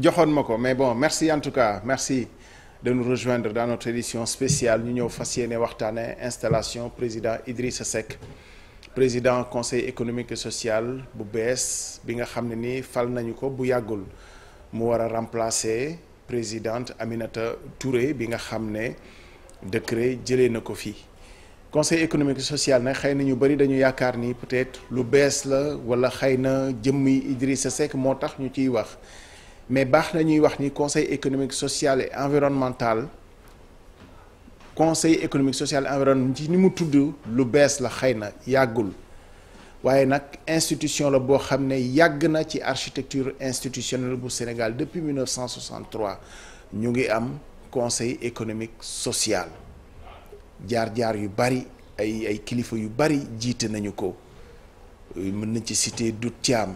joxoon ma ko mais bon merci en tout cas merci de nous rejoindre dans notre édition spéciale ñu ñëw fas yéene waxtaane installation président Idrissa Seck président conseil économique et social bu bees bi nga xam ne ni fal nañu ko bu yàggul mu war a remplacer présidente Aminata Touré bi nga xam ne décret jëlee na ko fii conseil économique social nag xëy nañu ñu bëri dañu yaakaar nii peut-être lu bees la wala xëy na jëmmi Idrissa Seck moo tax ñu ciy wax mais baax na ñuy wax ni conseil économique social et environnemental conseil économique social et environnemental ci ni mu tudd lu bees la xëy na yàggul waaye nag institution la boo xam ne yàgg na ci architecture institutionnelle bu Sénégal depuis 1963 ñu ngi am conseil économique social jaar-jaar yu bari ay ay kilifa yu bari jiite nañu ko mën na ci citer du tiam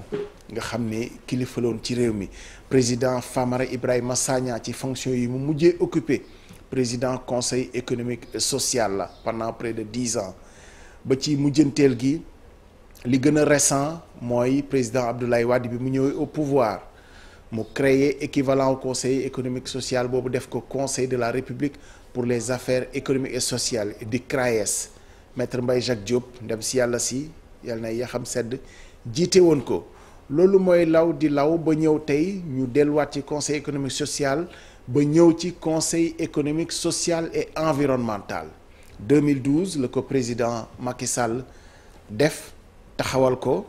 nga xam ni kilifa loon ci réew mi président Famara Ibrahima Sagna ci fonction yi mu mujjee occupé président conseil économique social la pendant près de dix ans ba ci mujjanteel gi li gën a récent mooy président Abdoulaye Wade bi mu ñëwee au pouvoir mu créer équivalent conseil économique social boobu def ko conseil de la république pour les affaires économiques et sociales di CRAES maître Mbaye Jacques Diop ndem si yàlla si yàlla na ya xam sedd jiite woon ko loolu mooy law di law ba ñëw tey ñu delluwaat ci conseil économique social ba ñëw ci conseil économique social et environnemental 2012 la ko président Macky Sall def taxawal ko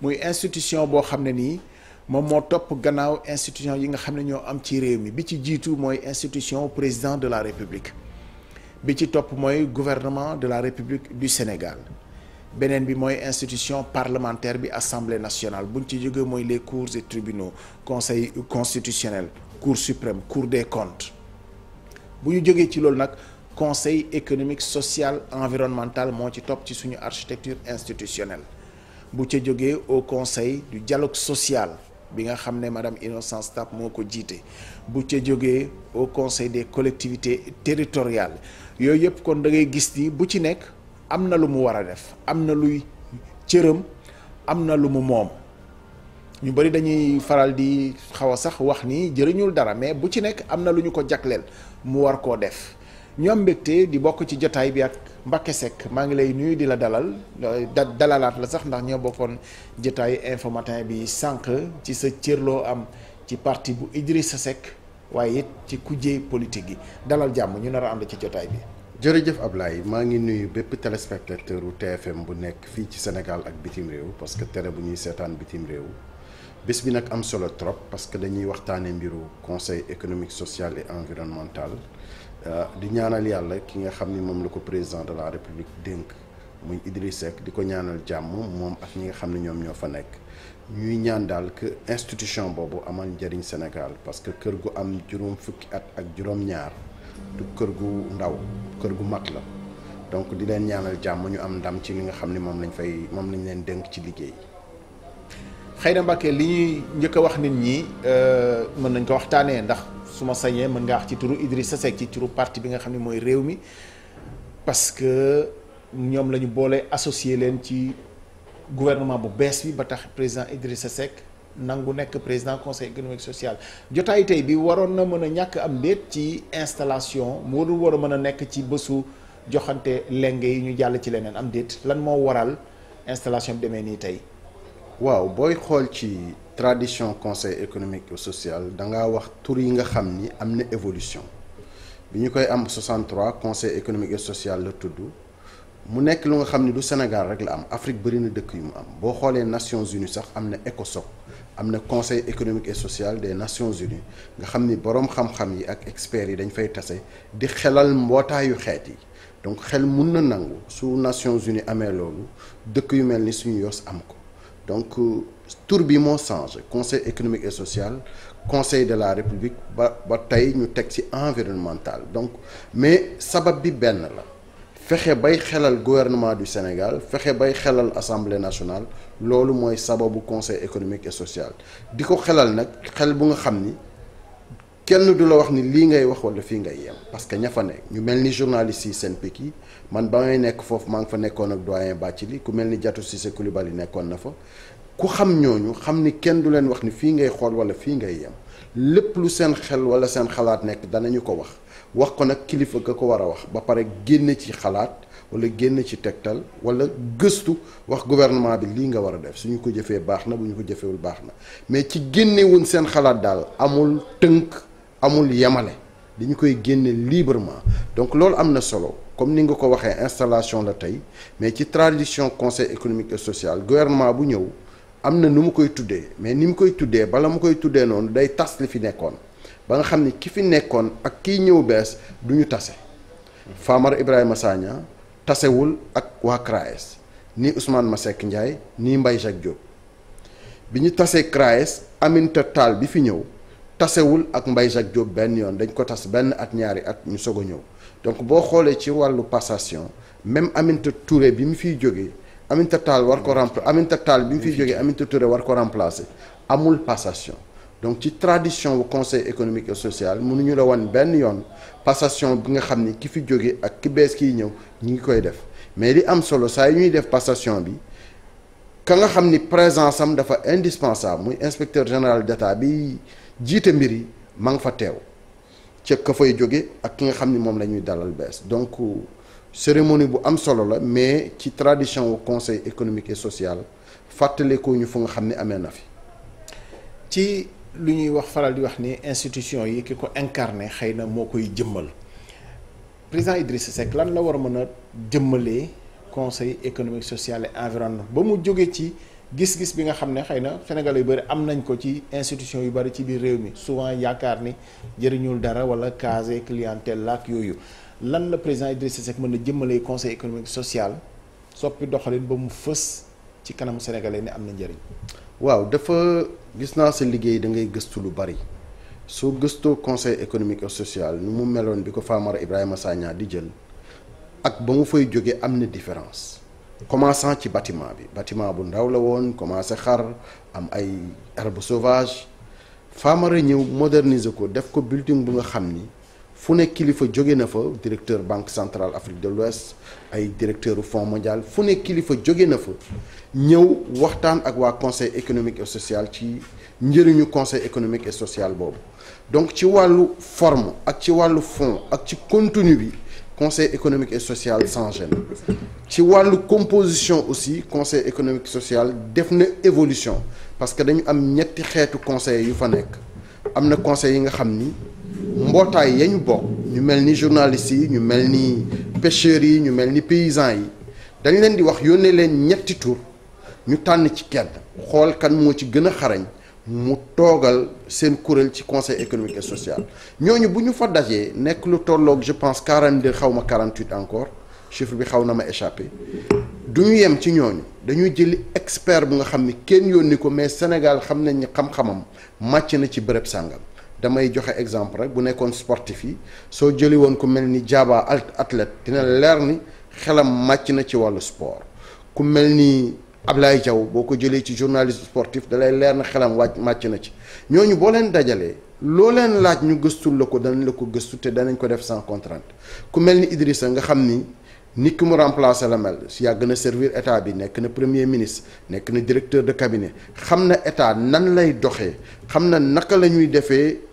muy institution boo xam ne nii moom moo topp gannaaw institution yi nga xam ne ñoo am ci réew mi bi ci jiitu mooy institution président de la république bi ci topp mooy gouvernement de la république du Sénégal. beneen bi mooy institution parlementaire bi assemblée nationale buñ ci jógee mooy les cours et tribunaux conseil constitutionnel cour suprême cour des comptes bu ñu jógee ci loolu nag conseil économique social environnemental moo ci topp ci suñu architecture institutionnelle bu ca jógee au conseil du dialogue social bi nga xam ne madame Innocence Ntap moo ko jiite bu ca jógee au conseil des collectivités territoriales yooyu yëpp kon da gis ci nekk. am na lu mu war a def am na luy cëram am na lu mu moom ñu bari dañuy faral di xaw a sax wax ni jëriñul dara mais bu ci nekk am na lu ñu ko jagleel mu war koo def ñoom am di bokk ci jotaay bi ak Mbacké Seck maa ngi lay nuyu di la dalal dalalaat la sax ndax ñoo bokkoon jotaay info bi sànq ci sa cërloo am ci parti bu sa Seck waaye it ci kujje politique yi dalal jàmm ñu nar a ànd ci jotaay bi. jërëjëf Ablaye maa ngi nuyu bépp téléspectateur u TFM bu nekk fii ci Sénégal ak bitim réew parce que télé bu ñuy seetaan bitim réew bés bi nag am solo trop parce que dañuy waxtaanee mbiru conseil économique social et environnemental euh, di ñaanal yàlla ki nga xam ni moom la ko président de la république dénk muy Idriss Seck di ko ñaanal jàmm moom ak ñi nga xam ne ñoom ñoo fa nekk ñuy ñaan daal que institution boobu amal njëriñ Sénégal parce que kër gu am juróom fukki at ak juróom-ñaar. du kër gu ndaw kër gu mag la donc di leen ñaanal jàmm ñu am ndam ci li nga xam ni moom lañ fay moom lañ leen dénk ci liggéey xëy na Mbàkke li ñuy njëkk a wax nit ñi euh, mën nañ ko waxtaanee ndax su ma sañee mën nga wax ci turu Idrissa Seck ci turu parti bi nga xam ne mooy réew mi parce que ñoom la ñu boole associé leen ci gouvernement bu bees bi ba tax président sa Seck nangu nekk président conseil économique social jotaay tey bi waroon na mën a ñàkk am déet ci installation moo dul war a mën a nekk ci bësu joxante lenge yi ñu jàll ci leneen am déet lan moo waral installation bi demee nii tey. waaw booy xool ci tradition conseil économique et social da ngaa wax tur yi nga xam ni am na évolution bi ñu koy am 63 conseil économique social la tudd. mu nekk lu nga xam ne du Sénégal rek la am Afrique bëri na dëkk yu mu am boo xoolee Nations Unies sax am na ECOSOC am na conseil économique et social des nations unies nga xam ni boroom xam-xam yi ak experts yi dañ fay tase di xelal mbootaayu xeet yi donc xel mun na nangu su nations unies amee loolu dëkk yu mel ni suñu yos am ko donc euh, tour bi moo changé conseil économique et social conseil de la république ba ba tey ñu teg ci environnemental donc mais sabab bi benn la fexe bay xelal gouvernement du Sénégal fexe bay xelal assemblée nationale loolu mooy sababu conseil économique et social di ko xelal nag xel bu nga xam ni kenn du la wax ni lii ngay wax walla fii ngay yem parce que ña fa ne ñu mel ni journaliste yi seen pik yi man ba may nekk foofu maa ngi fa nekkoon ak doyen Bathily ku mel ni Diatou Cissé yi nekkoon na fa ku xam ñooñu xam ni kenn du leen wax ni fii ngay xool walla fii ngay yem lépp lu seen xel walla seen xalaat nekk danañu ko wax wax ko nag kilifa ga ko war a wax ba pare génne ci xalaat wala génn ci tegtal wala gëstu wax gouvernement bi lii nga war a def suñu ko jëfee baax na bu ñu ko jëfewul baax na mais ci génnewuñ seen xalaat daal amul tënk amul yemale dañu koy génne librement donc loolu am na solo comme ni nga ko waxee installation la tey mais ci tradition conseil économique et social gouvernement bu ñëw am na nu mu koy tuddee mais ni mu koy tuddee bala mu koy tuddee noonu day tas li fi nekkoon ba nga xam ne ki fi nekkoon ak kiy ñëw bees du ñu tase Famara Ibrahima Sagna tasewul ak waa CRAES ni ma Masseck Ndiaye ni mbay Jacques Diop bi ñu tasee CRAES Aminata Tall bi fi ñëw tasewul ak mbay Jacques Diop benn yoon dañ ko tas benn at ñaari at ñu soog a ñëw donc boo xoolee ci wàllu passation même Aminata Touré bi mu fiy jógee Aminata Tall war ko rempla bi mu fiy jógee Aminata Touré war ko amul passation donc ci tradition wu conseil économique et social mënuñu la wan benn yoon passation bi nga xam ni ki fi jóge ak ki bees kiy ñëw ñu ngi koy def mais li am solo saa yi ñuy def passation bi ka nga xam ni présence am dafa indispensable muy inspecteur général d'état bi jiite mbir yi ma nga fa teew ca ka fay jóge ak ki nga xam ni moom la ñuy dalal bees donc cérémonie bu am solo la mais ci tradition wu conseil économique et social fàttaliku ñu fu nga xam ni amee na fi li ñuy wax faral di wax ni institution yi ki ko incarné xëy na moo koy jëmmal président Idrissa Seck lan la war a mën a jëmmalee conseil économique social et environnement ba mu jógee ci gis-gis bi nga xam ne xëy na Sénégal yu bari am nañ ko ci institution yu bari ci biir réew mi souvent yaakaar ni jëriñul dara wala case clientèle laak yooyu lan la président Idrissa Seck mën a jëmmalee conseil économique social soppi doxalin ba mu fës ci kanamu sénégalais ni am na njëriñ waaw dafa gis naa sa liggéey da ngay gëstu lu bari soo gëstoo conseil économique et social ni mu meloon bi ko Famara Ibrahima Sagna di jël ak ba mu fay jóge am na différence commençant ci batiment bi batiment bu ndaw la woon commencé xar am ay herbe sauvage Famara ñëw moderniser ko def ko building bu nga xam ni fu ne kilifa jóge na fa directeur banque centrale Afrique de l'Ouest ay directeur fonds mondial fu ne kilifa jóge na fa ñëw waxtaan ak waa conseil économique et social ci njëriñu conseil économique et social boobu donc ci wàllu forme ak ci wàllu fond ak ci contenu bi conseil économique et sociale sans gêne ci wàllu composition aussi conseil économique et social def na évolution parce que dañu am ñetti xeetu conseil yu fa nekk am na conseil yi nga xam ni mbootaay ya ñu bokk ñu mel ni journalistes yi ñu mel ni pêcheurs yi ñu mel ni paysans yi dañ leen di wax yónnee leen ñetti tur ñu tànn ci kenn xool kan moo ci gën a xarañ mu toogal seen kuréel ci conseil économique sociale social ñooñu bu ñu fa dajee nekk lu tolloog je pense de xaw ma 48 encore chiffre bi xaw na ma échappé du ñu yem ci ñooñu dañuy jëli expert bu nga xam ni kenn yónni ko mais Sénégal xam nañ ni xam-xamam màcc na ci bërëb sàngam damay joxe exemple rek bu nekkoon sportif yi soo jëli woon ku mel ni jaaba athlète dina leer ni xelam màcc na ci wàllu sport ku mel ni Ablaye Diaw boo ko jëlee ci journaliste sportif dalay leer na xelam wàcc màcc na ci ñooñu boo leen dajalee loo leen laaj ñu gëstul la ko danañ la ko gëstu te danañ ko def sans contrainte ku mel ni Idrissa nga xam ni nit ki mu remplacé la mel yàgg na service état bi nekk na premier ministre nekk na directeur de cabinet xam na état nan lay doxee xam na naka la ñuy defee.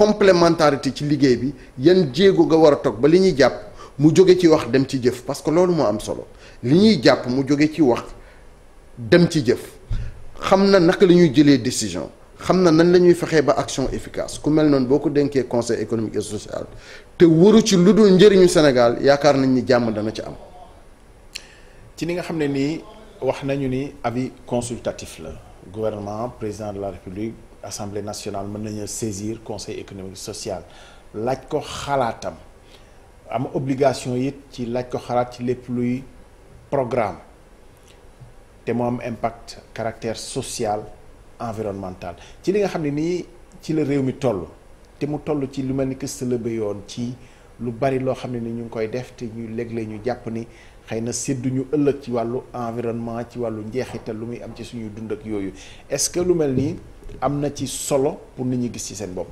complémentarité ci liggéey bi yan jéego nga war a toog ba li ñuy jàpp mu jóge ci wax dem ci jëf parce que loolu moo am solo li ñuy jàpp mu jóge ci wax dem ci jëf xam na naka la ñuy jëlee décision xam na nan la ñuy fexee ba action efficace ku mel noonu boo ko dénkee conseil économique et social te waru ci lu dul njëriñu Sénégal yaakaar nañ ni jàmm dana ci am. ci ni nga xam ne nii wax nañu ni abi consultatif la gouvernement président de la République. assemblée nationale mën nañu saisir conseil économique sociale laaj ko xalaatam am obligation it ci laaj ko xalaat ci lépp luy programme te mu am impact caractère social environnemental ci li nga xam ne nii ci la réew mi toll te mu toll ci lu mel ni que sëlëbe yoon ci lu bari loo xam ne ni ñu ngi koy def te ñu léeg ñu jàpp ni xëy na sédduñu ëllëg ci wàllu environnement ci wàllu njeexital lu muy am ci suñu dund ak yooyu est-ce que lu mel nii am na ci solo pour nit ñi gis ci seen bopp.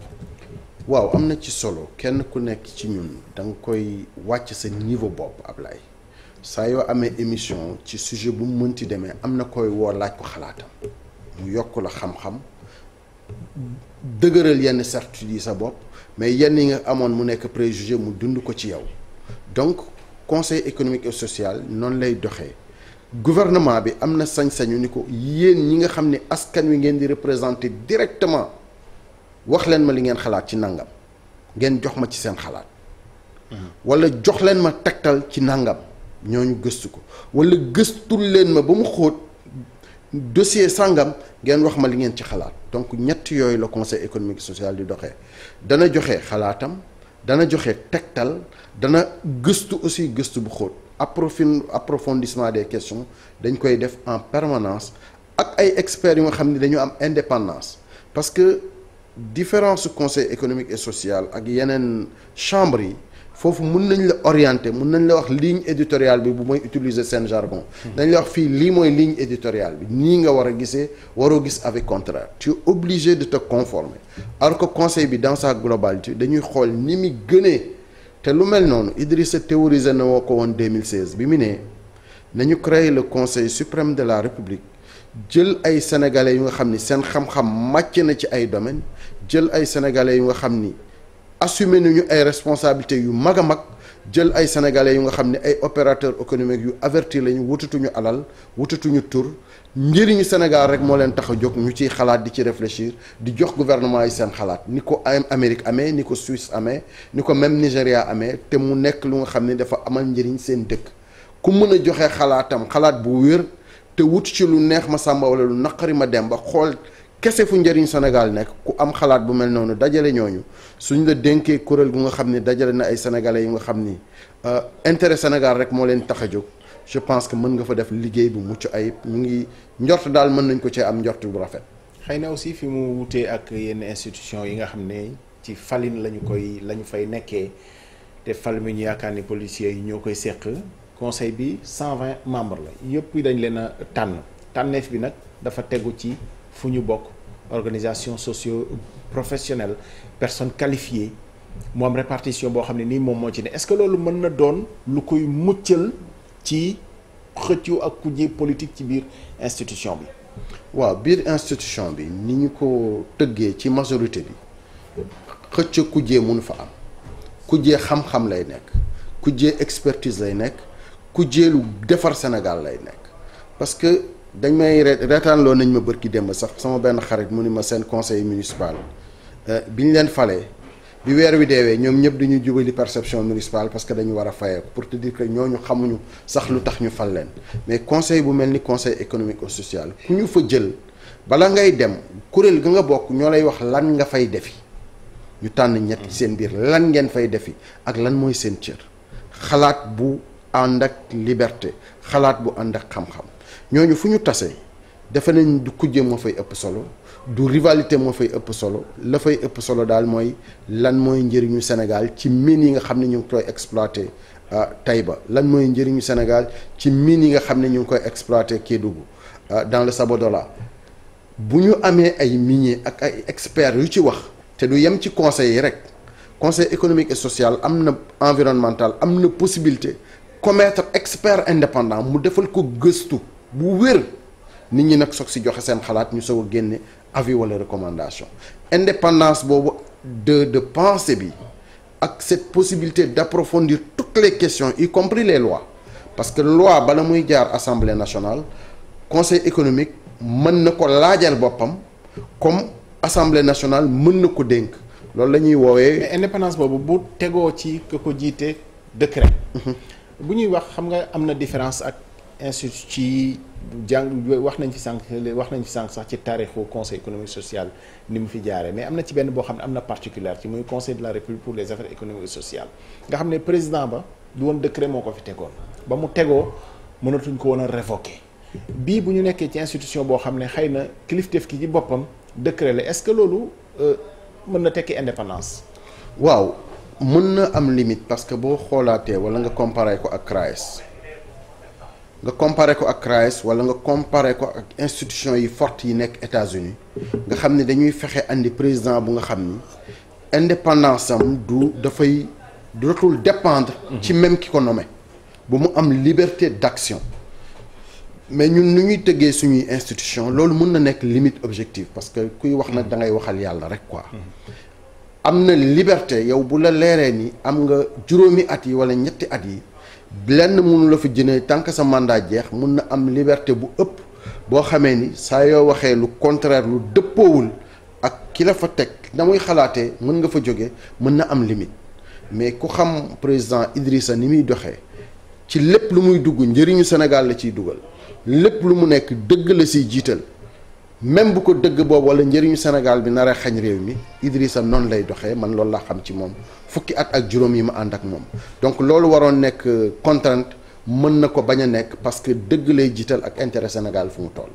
waaw am na ci solo kenn ku nekk ci ñun da nga koy wàcc sa niveau bopp Ablaye saa yoo amee émission ci sujet bu mu mënti demee am na koy woo laaj ko xalaatam mu yokk la xam-xam dëgëral yenn certitude yi sa bopp mais yenn yi nga amoon mu nekk préjugé mu dund ko ci yow donc. conseil économique et social noonu lay doxee gouvernement bi am na sañ-sañu ni ko yéen ñi nga xam ne askan wi ngeen di représenté directement wax leen ma li ngeen xalaat ci nangam ngeen jox ma ci seen xalaat. Mm-hmm. wala jox leen ma tegtal ci nangam ñooñu gëstu ko wala gëstul leen ma ba mu xóot dossier sangam ngeen wax ma li ngeen ci xalaat donc ñett yooyu la conseil économique social di doxee dana joxe xalaatam. dana joxe tegtal dana gëstu aussi gëstu bu xóot approfin approfondissement des questions dañ koy def en permanence ak ay experts yu nga xam ni dañu am indépendance parce que différence conseil économique et social ak yeneen chambre yi foofu mun nañ la orienter mun nañ la wax ligne éditoriale bi bu mooy utiliser seen jargon. dañ la wax fii lii mooy ligne éditoriale bi nii nga war a gisee waroo gis avec contraire tu es obligé de te conformer alors conseil bi dans sa globalité dañuy xool ni mi gënee te lu mel noonu Idrissa théorisé na woo ko woon 2016 bi mu ne nañu créer le conseil suprême de la république jël ay sénégalais yu nga xam ni seen xam-xam màcc na ci ay domaines jël ay sénégalais yu xam ni. assumer nañu ay responsabilités yu mag a mag jël ay sénégalais yu nga xam ne ay opérateurs économiques yu averti lañu wutatuñu alal wutatuñu tur njëriñu Sénégal rek moo leen tax a jóg ñu ciy xalaat di ci réfléchir di jox gouvernement yi seen xalaat ni ko Amérique amee ni ko Suisse amee ni ko même Nigéria amee te mu nekk lu nga xam ne dafa amal njëriñ seen dëkk ku mën a joxe xalaatam xalaat bu wér te wut ci lu neex ma sàmba wala lu naqari ma dem ba xool. kese fu njëriñ Sénégal nekk ku am xalaat bu mel noonu dajale ñooñu suñ la dénkee kuréel gu nga xam ni dajale na ay sénégalais yu nga xam ni euh, intérêt Sénégal rek moo leen tax a jóg je pense que mën nga fa def liggéey bu mucc ayib mu ngi njort daal mën nañ ko cee am njort bu rafet. xëy na aussi fi mu wutee ak yenn institution yi nga xam ne ci falin lañu koy lañu fay nekkee te fal ñu yaakaar ni policiers yi ñoo koy seq conseil bi 120 membres la yëpp dañ leen a tànn tànneef bi nag dafa tegu ci. fu ñu bokk organisation socio professionnelle personne qualifiée mu am répartition boo xam ne nii moom moo ci ne est que loolu mën na doon lu koy muccal ci xëccu ak kujje politique ci biir institution bi. waaw biir institution bi ni ñu ko tëggee ci majorité bi xëcc kujje mënu fa am kujje xam-xam lay nekk kujje expertise lay nekk kujje lu defar Sénégal lay nekk dañ may reetaan nañ ma bërki démb sax sama benn xarit mu ni ma seen conseil municipal euh, bi ñu leen falee bi weer wi deewee ñoom ñëpp dañuy jubali perception municipale parce que dañu war a fayee ko pour te dire que ñooñu xamuñu sax lu tax ñu fal leen mais conseil bu mel ni conseil économique et social ku ñu fa jël bala ngay dem kuréel ga nga bokk ñoo lay wax lan nga fay defi ñu tànn ñett ci seen biir lan ngeen fay defi ak lan mooy seen cër xalaat bu ànd ak liberté xalaat bu ànd ak ñooñu fu ñu tasee defe nañ du kujje moo fay ëpp solo du rivalité moo fay ëpp solo la fay ëpp solo daal mooy lan mooy njëriñu Sénégal ci mine yi nga xam ne ñu ngi koy exploité ah, Taïba lan mooy njëriñu Sénégal ci mine yi nga xam ne ñu ngi koy exploité dugg ah, dans le Sabodola bu ñu amee ay minier ak ay experts yu ci wax te du yem ci conseil yi rek conseil économique et social am na environnemental am na possibilité commettre expert indépendant mu defal ko gëstu bu wér nit ñi nag soog si joxe seen xalaat ñu soog a génne avis recommandation indépendance boobu de de pensée bi ak cette possibilité d'approfondir toutes les question y compris les lois parce que loi bala muy jaar assemblée nationale conseil économique mën na ko laajal boppam comme assemblée nationale mën na ko dénk loolu la ñuy woowee. indépendance boobu bu tegoo ci ku ko jiite décret. Mhm. bu ñuy wax xam nga am na différence ak. institut ci jàng wax nañ ci sànq wax nañ fi sànq sax ci taarixu conseil économique social ni mu fi jaaree mais am na ci benn boo xam ne am na particulière ci muy conseil de la république pour les affaires économiques nga xam ne président ba du woon décret moo ko fi tegoon ba mu tegoo mënatuñ ko woon a révoquer bii bu ñu nekkee ci institution boo xam ne xëy na kilifteef ki ci boppam décret la est-ce que loolu euh, mën na tekki indépendance. waaw mën na am limite parce que boo xoolaatee wala nga comparé ko ak CRAES. nga comparé ko ak CRAES wala nga comparé ko ak institution yi forte yi nekk États-Unis nga xam ne dañuy fexe indi président bu nga xam ni indépendance am du dafay dootul dépendre mhm. ci même ki ko nommé bu mu am liberté d'action mais ñun nu ñuy tëggee suñuy institution loolu mun na nekk limite objectif parce que kuy wax nag da ngay waxal yàlla rek quoi mhm. am na liberté yow bu la leeree ni am nga juróomi at yi wala ñetti at yi lenn mënu la fa jëne tant que sa mandat jeex mun na am liberté bu ëpp boo xamee ni saa yoo waxee lu contraire lu dëppoowul ak ki la fa teg na muy xalaatee mën nga fa jóge mën na am limite mais ku xam président Idrissa ni muy doxee ci lépp lu muy dugg njëriñu Sénégal la ciy dugal lépp lu mu nekk dëgg la siy jiital même bu ko dëgg boobu wala njëriñu Sénégal bi nar a xañ réew mi Idrissa noonu lay doxee man loolu laa xam ci moom fukki at ak juróom yi ma ànd ak moom donc loolu waroon nekk euh, contrainte mën na ko bañ a nekk parce que dëgg lay jiital ak intérêt Sénégal fu mu toll.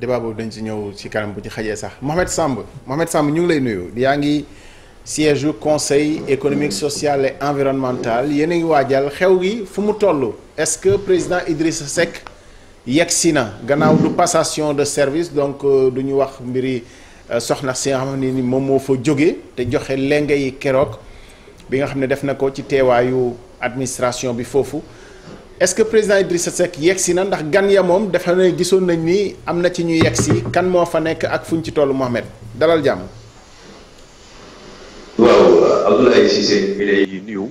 débat boobu dañ si ñëw ci kanam bu ci xajee sax Mohamed Samb Mohamed Samb ñu ngi lay nuyu yaa ngi siège u conseil économique social et environnemental yéen a ngi waajal xew gi fu mu toll est-ce que président Idrissa Seck yegsi na gannaaw du passation de service donc euh, du ñu wax mbiri euh, soxna si nga xam ni moom moo fa jóge te joxe lenge keroog. bi nga xam ne def na ko ci teewaayu administration bi foofu est-ce que président Idrissa Seck yegsi na ndax gan ya moom dafa ne gisoon nañ ni am na ci ñu yegsi kan moo fa nekk ak fu ñu ci tollu Mohamed dalal jàmm. waaw Abdoulaye Cissé mi lay nuyu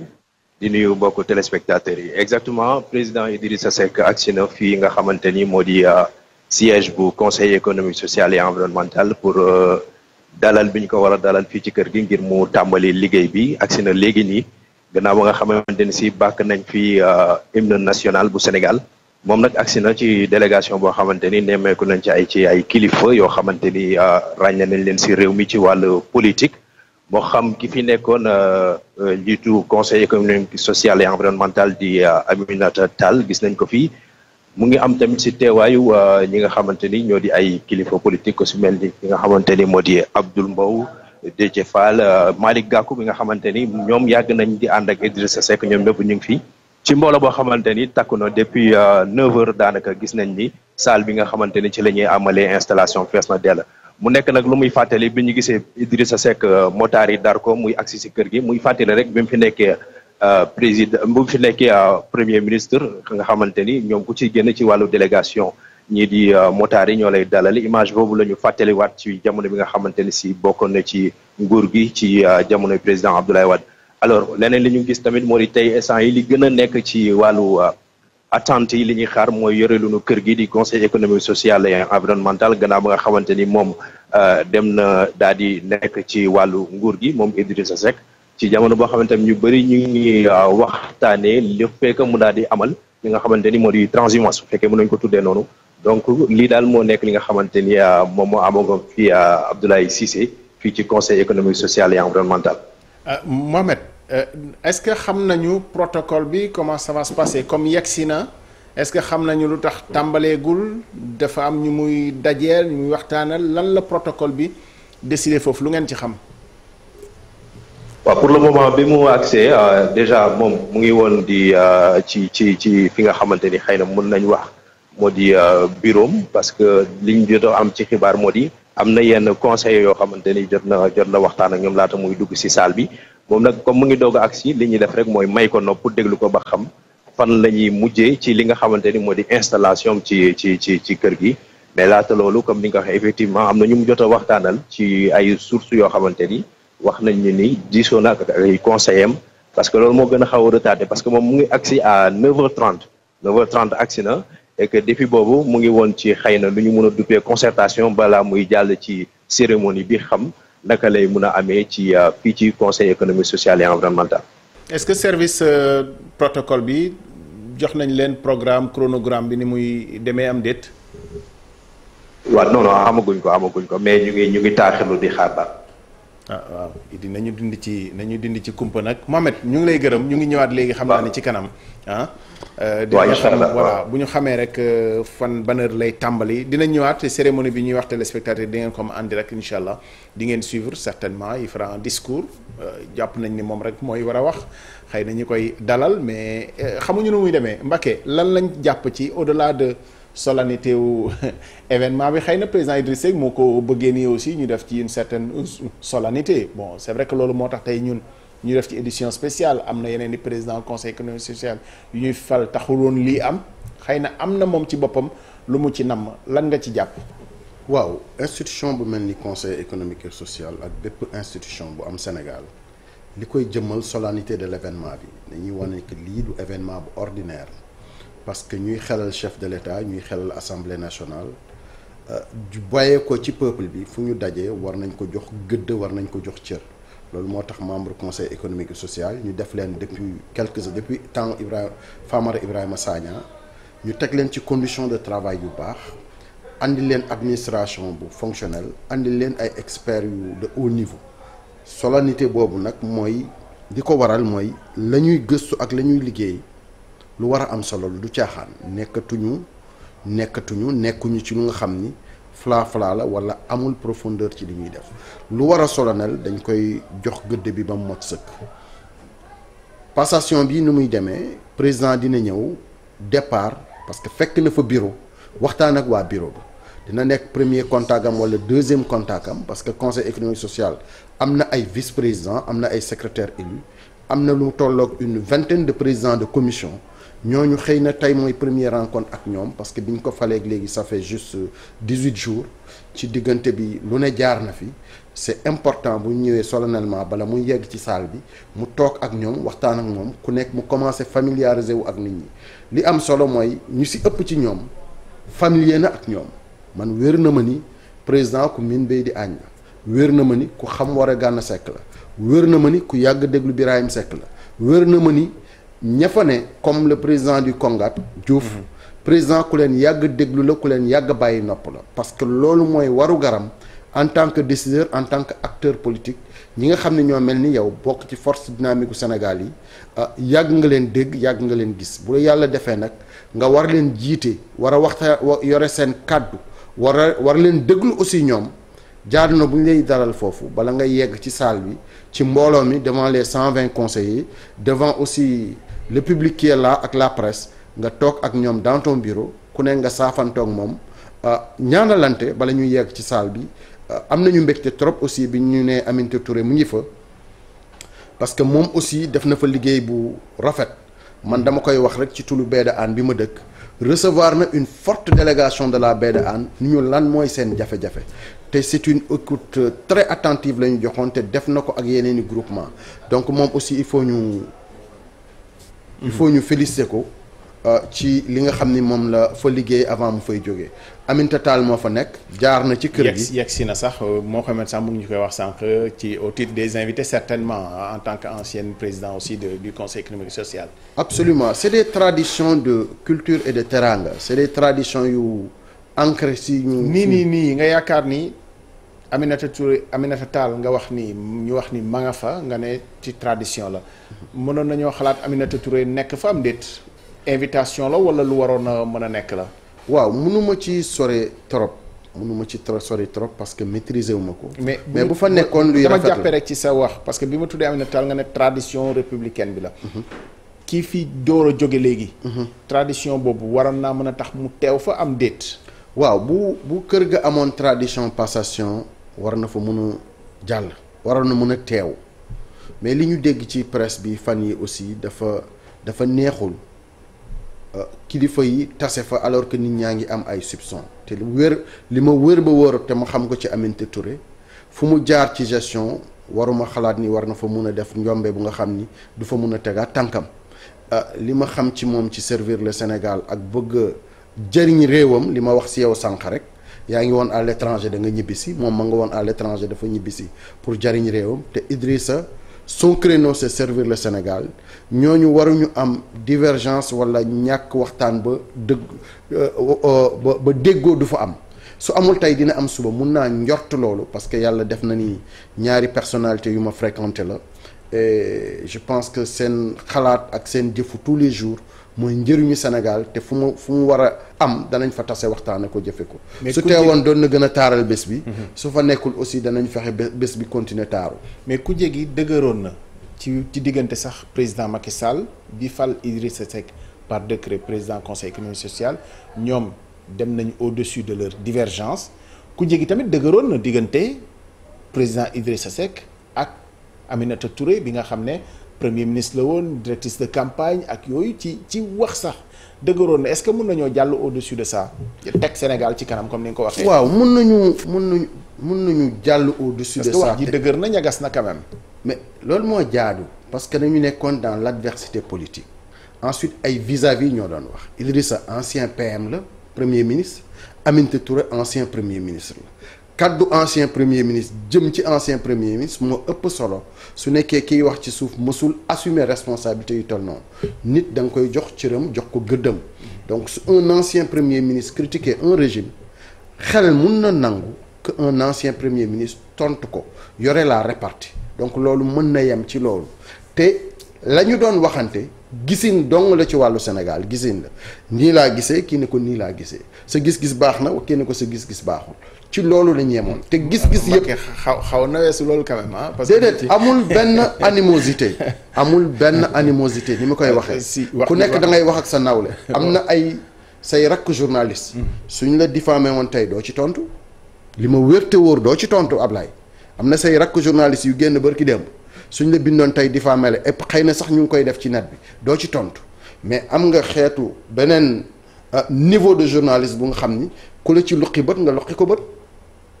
di nuyu mbokk téléspectateurs yi exactement président Idrissa Seck agsi na fii nga xamante ni moo di euh, siège bu conseil économique social et environnemental pour. Euh, dalal biñ ko war a dalal fii ci kër gi ngir mu tàmbali liggéey bi agsi na léegi nii gannaaw ba nga xamante ni si bàkk nañ fi euh, hymne national bu Sénégal moom nag agsi na ci délégation boo xamante ni nemmeeku nañ ci ay ci ay kilifa yoo xamante ni euh, ràññe nañ leen si réew mi ci wàllu politique moo xam ki fi nekkoon euh, njiitu conseil économique social et environnemental di Aminata Tall gis nañ ko fii mu ngi am tamit ci teewaayu euh, ñi nga xamante ni ñoo di ay kilifa politique si mel ki nga xamante ni moo di Abdoul Mbow Déthié Fall euh, Malick Gakou bi nga xamante ni ñoom yàgg nañ di ànd ak sa Seck ñoom ñëpp ñu ngi fi ci mbooloo boo xamante ni takku na depuis euh, neuf heures daanaka gis nañ ni salle bi nga xamante ni ci la ñuy amalee installation fees na dell mu nekk nag lu muy fàttali bi ñu gisee sa Seck motaar yi dar ko muy agsi si kër gi muy fàttali rek bi fi nekkee Euh, président euh, bu fi nekkee euh, premier ministre nga xamante ni ñoom ku ci génn ci wàllu délégation ñii di motaar yi ñoo lay dalal image boobu la ñu fàttaliwaat ci jamono bi nga xamante ni si bokkoon na ci nguur gi ci jamono président Abdoulaye waat alors leneen li ñu gis tamit moo di tey instant yi li gën a nekk ci wàllu attente yi li ñuy xaar mooy yore lu kër gi di conseil économique social et environnemental gannaaw ba nga xamante ni moom dem na daal di nekk ci wàllu nguur gi moom Idrissa Seck ci jamono boo xamante ni ñu bëri ñu ngi euh, waxtaanee li fekk mu daal di amal li nga xamante ni moo di transhumance su fekkee mën nañu ko tuddee noonu donc lii daal moo nekk li nga xamante ni euh, moom moo amoon fii euh, Abdoulaye Cissé fii ci conseil économique social et environnemental. Mohamed est-ce que xam nañu protocole bi comment ça va se passer comme yegsi na est-ce que xam nañu lu tax tàmbaleegul dafa am ñu muy dajeel ñu muy waxtaanal lan la protocole bi décidé foofu lu ngeen ci xam. waaw pour le moment bi mu accès euh, déjà moom mu ngi woon di euh, ci ci ci fi nga xamante ni xëy na mën nañ wax moo di euh, bureau parce que liñ jot am ci xibaar moo di am na yenn conseillers yoo xamante ni jot na jot na waxtaan ak ñoom laata muy dugg si salle bi moom nag comme mu ngi doog a agsi li ñuy def rek mooy may ko nopp déglu ko ba xam fan la ñuy mujjee ci li nga xamante ni moo di installation ci ci ci ci kër gi mais laata loolu comme ni nga waxee effectivement am na ñu mu jot waxtaanal ci ay sources yoo xamante ni. wax nañ ne ni diisoo na ak ay conseillers am parce que loolu moo gën a xaw a retardé parce que moom mu ngi agsi à 9h30 9 h na et que depuis boobu mu ngi woon ci xëy na lu ñu mën a duppee concertation balaa muy jàll ci cérémonie bi xam naka lay mun a amee ci euh, fii ci conseil économique social et environnemental. est-ce que service euh, protocole bi jox nañ leen programme chronogramme bi ni muy demee am déet. waaw non non amaguñ ko amaguñ ko mais ñu ngi ñu ngi taaxilu di xaar ah waaw Idi nañu dindi ci nañu dindi ci kumpa nag Mohamed ñu ngi lay gërëm ñu ngi ñëwaat léegi xam naa ne ci kanam ah euh, bu ñu xamee rek euh, fan ban lay tàmbali dina ñëwaat cérémonie bi ñuy wax téléspectateur di ngeen ko am en direct allah di ngeen suivre certainement il fera un discours euh, jàpp nañ ni moom rek mooy war a wax xëy nañu koy dalal mais xamuñu nu muy demee Mbacké lan lañ jàpp ci au delà de solennité wu événement bi xëy na président Idriss Seck moo ko bëggee nii aussi ñu def ci une certaine solennité bon c'est vrai que loolu moo tax tey ñun ñu def ci édition spéciale am na yeneen i président conseil économique social yu ñuy fal taxuloon lii am xëy na am na moom ci boppam lu mu ci namm lan nga ci jàpp. waaw institution bu mel ni conseil économique et social ak bépp institution bu am Sénégal li koy jëmmal solennité de l'événement bi dañuy wane que lii du événement bu ordinaire. parce que ñuy xelal chef de l'État ñuy xelal assemblée nationale euh, bàyyee ko ci peuple bi fu ñu dajee war nañ ko jox gëdd war nañ ko jox cër loolu moo tax membre conseil économique sociale ñu def leen depuis quelques ans depuis temps Ibrahima Famara Ibrahima Sagna ñu teg leen ci condition de travail yu baax andi leen administration bu fonctionnelle andi leen ay experts yu de haut niveau solennité boobu nag mooy di ko waral mooy la ñuy gëstu ak la ñuy liggéey lu war a am solo du caaxaan nekkatuñu nekkatuñu nekkuñu ci lu nga xam ni fla fla la wala amul profondeur ci li muy def lu war a solo solonel dañ koy jox gëdd bi ba mu mot sëkk passation bi ni muy demee président dina ñëw départ parce que fekk na fa bureau waxtaan ak waa bureau ba dina nekk premier contact am wala deuxième contact parce que conseil économique social am na ay vice président am na ay secrétaire élu am na lu tolloog une vingtaine de présidents de commission ñooñu xëy na tey mooy première rencontre ak ñoom parce que bi ñu ko faleeg léegi ça fait juste dix-huit jours ci diggante bi lu ne jaar na fi c'est important bu ñëwee solennellement bala muy yegg ci salle bi mu toog ak ñoom waxtaan ak moom ku nekk mu commencé familiariser wu ak nit ñi li am solo mooy ñu si ëpp ci ñoom familier na ak ñoom man wér na ma ni président ku min bay di àññ wér na ma ni ku xam war a gànn sekk la wér na ma ni ku yàgg déglu Birahim Seck la wér na ma ni ña fa ne comme le président du Congat Diouf mhm. président ku leen yàgg déglu la ku leen yàgg bàyyi nopp la parce que loolu mooy waru garam en tant que décideur en tant que acteur politique ñi nga xam ne ñoo mel ni yow bokk ci force dynamique u Sénégal yi ah, yàgg nga leen dégg yàgg nga leen gis bu la yàlla defee nag nga war leen jiite war a waxta yore seen kàddu war a war leen déglu aussi ñoom jaar na bu ñu lay dalal foofu bala nga yegg ci saal bi ci mbooloo mi devant les cent vingt conseillers devant aussi le public qui ak la presse nga toog ak ñoom dans ton bureau ku ne nga saafantoog moom euh, ñaanalante bala ñuy yegg ci saal bi euh, am nañu mbégte trop aussi bi ñu nee aminte Touré mu ngi fa parce que moom aussi def na fa liggéey bu rafet man dama koy wax rek ci tulu baie de Hann bi ma dëkk recevoir na une forte délégation de la baie de Hann ñu lan mooy seen jafe-jafe te c'est une écoute très attentive la ñu joxoon te def na ko ak yeneen i groupement donc moom aussi il faut ñu il faut ñu féliciter ko euh, ci li nga xam ni moom la fa liggéey avant mu fay jóge Aminata Tall moo fa nekk jaar na ci kër gi yegg si na sax moo euh, Mouhamed sax mu ngi ñu koy wax sànq ci au titre des invités certainement en tant que qu'ancien président aussi de, du conseil économique social absolument c'est des tradition de culture et de teranga c'est des tradition yu ancrées si ñu nii nii nii nga yaakaar nii Aminata Touré Aminata Tall nga wax ni ñu wax ni ma nga fa nga ne ci tradition la mënoon nañoo xalaat Aminata Touré nekk fa am déet invitation la wala lu waroon na mën a nekk la. waaw mënuma ci sore trop mënuma ci trop sori trop parce que maîtriser wu ko. mais mais bu fa nekkoon luy rafetlu dama rek ci sa wax parce que bi ma tuddee Aminata Tall nga ne tradition républicaine bi la. Mhm. kii fi door a jóge léegi. Mhm. tradition boobu waroon naa mën a tax mu teew fa am déet. waaw bu bu kër ga amoon tradition passation. war na fa mën a jàll waroon na mun a teew mais li ñu dégg ci presse bi fan yi aussi dafa dafa neexul euh, kilifa yi tase fa alors que nit ñaa ngi am ay soupçons te lu wér li ma wér ba wóor te ma xam ko ci Aminata Touré fu mu jaar ci gestion waruma xalaat ni war na fa mun a def njombe bu nga xam ni du fa mun a tegaat tànkam euh, li ma xam ci moom ci servir le Sénégal ak bëgg jëriñ réewam li ma wax si yow sànq rek yaa ngi woon à l'étranger da nga ñibbisi moom ma nga woon à l'étranger dafa ñibbisi pour jariñ réewam te Idrissa son créneau c'est servir le Sénégal ñooñu ñu am divergence wala ñàkk waxtaan ba dëgg euh, euh, ba déggoo du fa am su amul tey dina am suba mun naa njort loolu parce que yàlla def na ni ñaari personnalité yu ma fréquenté la et je pense que seen xalaat ak seen jëfu tous les jours mooy njëriñu Sénégal te fu mu fu mu war a am danañ fa tase waxtaane ko jëfe ko su teewoon doon na gën a taaral bés bi mhm. su fa nekkul aussi danañ fexe bés bi continuer taaru mais ku jégi dëgëroon na ci ci diggante sax président Macky Sall bi fal Idrissa Seck par décret président conseil économique social ñoom dem nañu au-dessus de leur divergence ku jégi tamit dëgëroon na diggante président Idrissa Seck ak Aminata Touré bi nga xam ne premier ministre la woon directrice de campagne ak yooyu ci ci wax sax dëgëroon na est-ce que mën nañoo jàll au-dessus de ça teg Sénégal ci kanam comme ni nga ko waxee. waaw mën nañu mën nañu mën nañu jàll au-dessus de ça parce que wax ji dëgër na ñagas na quand mais loolu moo jaadu parce que dañu nekkoon dans l'adversité politique ensuite ay vis-à-vis ñoo doon wax Idrissa ancien PM la premier ministre Aminata Touré ancien premier ministre la. kaddu ancien premier ministre jëm ci ancien premier ministre moo ëpp solo su nekkee kiy wax ci suuf mësul assumer responsabilité yu tol noonu nit da nga koy jox cëram jox ko gëddam donc su un ancien premier ministre critiquer un régime xel mun na nangu que un ancien premier ministre tontu ko yore la répartie donc loolu mën na yem ci loolu te la ñu doon waxante gisin dong la ci wàllu Sénégal gisin la nii laa gisee kii ne ko nii laa gisee sa gis-gis baax na kii ne ko sa gis-gis baaxul ci loolu la ñu yemoon te gis-gis yëpp xaw xaw na weesu loolu quand ah. parce que déedéet amul benn animosité amul benn animosité ni ma koy waxee. Euh, ku nekk dangay wax ak sa nawle. am na ay say rakk journaliste. Hmm. suñ la diffamé woon tey doo ci tontu. li ma wér te wóor doo ci tontu Ablaye am na say rakk journaliste yu génn ki démb suñ la bindoon tey diffamé la et xëy na sax ñu ngi koy def ci net bi doo ci tontu mais am nga xeetu beneen euh, niveau de journaliste bu nga xam ni ku la ci luqi bët nga luqi ko bët.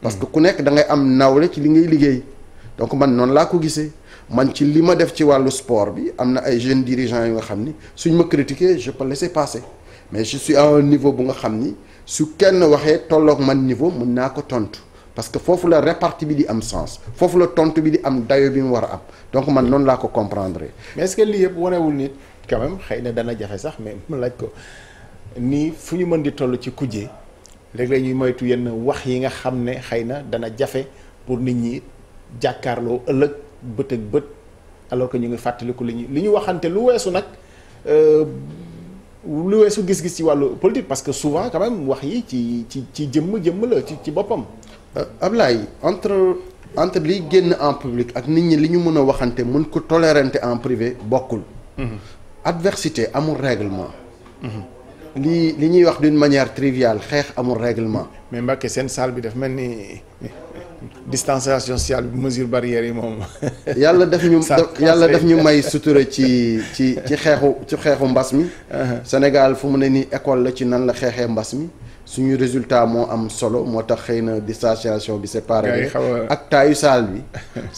parce que ku nekk da ngay am nawle ci li ngay liggéey donc man noonu laa ko gisee man ci li ma def ci wàllu sport bi am na ay jeunes dirigeants yu nga xam ni suñ ma critiquer je peux laisser passer mais je suis à niveau bu nga xam ni su kenn waxee tolloog man niveau mun naa ko tontu. parce que foofu la répartie bi di am sens foofu la tontu bi di am dayo bi mu war a am donc man noonu laa ko comprendre. mais est-ce lii yëpp wanewul nit quand même xëy na dana jafe sax mais mu laaj ko nii fu ñu mën di toll ci kujje léeg-léeg ñuy moytu yenn wax yi nga xam ne xëy na dana jafe pour nit ñi jàkkaarloo ëllëg bët ak bët alors que ñu ngi fàttaliku li ñu li ñu waxante lu weesu nag. Euh, lu weesu gis-gis ci wàllu politique parce que souvent quand même wax yi ci ci ci jëmm jëmm ci ci boppam. Euh, Ablaye entre entre liy génn en public ak nit ñi li ñu mën a waxante mun ko tolérante en privé bokkul. Mhm. adversité amul règlement. Mhm. lii li ñuy wax d'une manière triviale xeex amul réglement mais Mbacké seen salle bi daf mel ni distanciation sociale bi mesure barrière yi moom. yàlla daf ñu yàlla daf ñu may sutura ci ci ci xeexu ci xeexu mbas mi. Uh-huh. Sénégal fu mu ne nii école la ci nan la xeexee mbas mi. suñu résultat moo am solo moo tax xëy na distanciation bi séparé ak taayu saal bi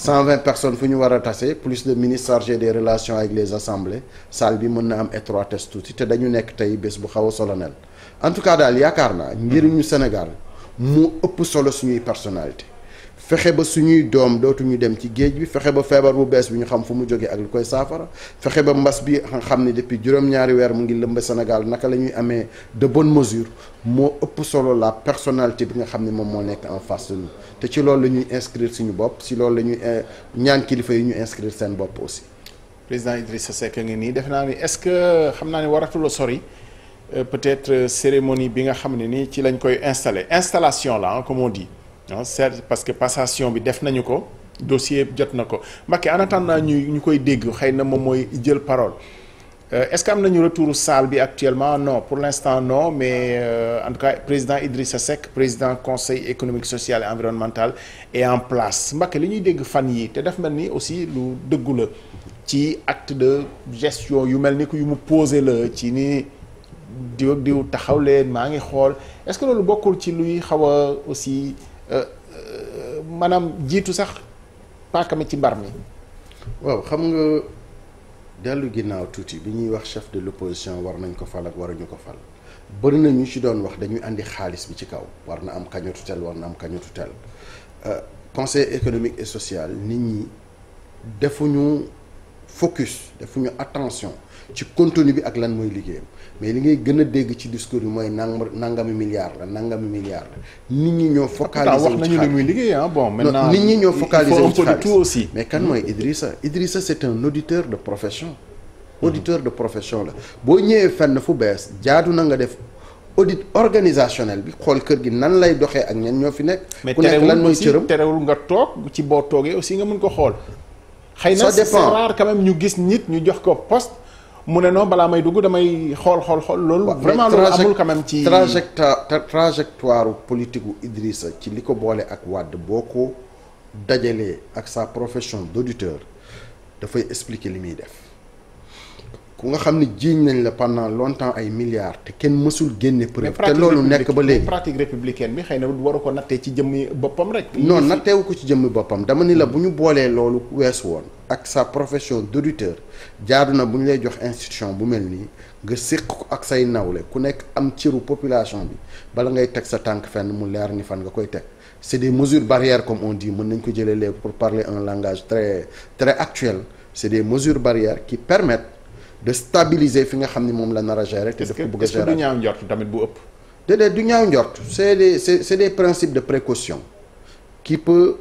cent vingt personnes fu ñu war a tase plus de ministre chargé des relations avec les assemblées saal bi mën na am étroitesse tuuti te dañu nekk tey bés bu xaw a solennel en tout cas daal yaakaar naa njëriñu Sénégal moo ëpp solo suñuy personnalité fexe ba suñuy doom dootuñu dem ci géej bi fexe ba feebar bu bees bi ñu xam fu mu jógee ak lu koy saafara fexe ba mbas bi nga xam ne depuis juróom-ñaari weer mu ngi lëmba Sénégal naka la amee de bonnes mesures moo ëpp solo la personnalité bi nga xam ne moom moo nekk en face de te ci loolu la ñuy inscrire suñu bopp si loolu la ñuy eh, ñaan kilifa yi ñu inscrire seen bopp aussi. président Idrissa Seck ngi nii def naa ni est-ce que xam naa ne waratula sori euh, peut-être euh, cérémonie bi nga xam ne nii ci lañ koy installé installation la comme on ah c'est parce que passation bi def nañu ko dossier jot na ko Mbacké en naa ñu ñu koy dégg xëy na moom mooy jël parole euh, est-ce que am nañu retour salle bi actuellement non pour l'instant non mais euh, en tout cas président Idrissa Seck président conseil économique social et environnemental est en place Mbacké li ñuy dégg fan yi te def mel ni aussi lu dëggu la ci acte de gestion yu mel ni ku yu mu posé la ci ni diw ak diw taxaw leen maa ngi xool est-ce que loolu bokkul ci luy xaw a aussi Euh, euh, maanaam jiitu sax paaka ma ci mbar mi. waaw xam nga dellu ginnaaw tuuti bi ñuy wax chef de l'opposition war nañ ko fal ak waruñu ko fal bëri na ñu ci doon wax dañuy indi xaalis bi ci kaw war na am kañotu tel war na am kañotu tel euh, conseil économique et sociale nit ñi defuñu focus defuñu attention. ci contenu bi ak lan mooy liggéeyam mais li ngay gën a dégg ci discours bi mooy nangam nangami milliards la nangami milliards la nit ñi ñoo. focaliser wu ci wax nañu ne muy bon. maintenant nit ñi ñoo focaliser wu ci tout aussi. mais kan mooy hmm. Idrissa Idrissa c'est un auditeur de profession. Hmm. auditeur de profession la boo ñëwee fenn fu bees jaadu na nga def. audit organisationnel bi xool kër gi nan lay doxee ak ñan ñoo fi nekk. ku nekk lan mooy cëram mais terewul nga toog ci boo toogee aussi nga mën ko xool. xëy na c'est rare quand ñu gis nit ñu jox ko poste. mu ne non balaa may dugg damay xool xool xool loolu. vraiment loolu amul quand même ci trajectoire trajectoire politique gu Idrissa ci li ko boole ak Wade boo ko dajalee ak sa profession d' auditeur dafay expliquer li muy def. ku nga xam ne jiiñ nañ la pendant longtemps ay milliards te kenn mësul génne preuve te loolu nekk ba léegi pratique républicaine bi xëy na waru ko nattee ci jëmmi boppam rek non natteewu ko ci jëmmi boppam dama ni la bu ñu boolee loolu wees woon ak sa profession d'auditeur jaadu na bu ñu lay jox institution bu mel nii nga séq ko ak say nawle ku nekk am ciru population bi bala ngay teg sa tànk fenn mu leer ni fan nga koy teg c'est des mesure barrières comme on dit mën nañ ko jëlee léegi pour parler un langage très très actuel des mesures barrières qui permettent de stabiliser fi nga xam ni moom la nar a gérer te daf ko bëgg a gérer est-ce que du ñaaw njort tamit bu ëpp déedéet du ñaaw njort c'est des c'est c'est des principes de précaution qui peut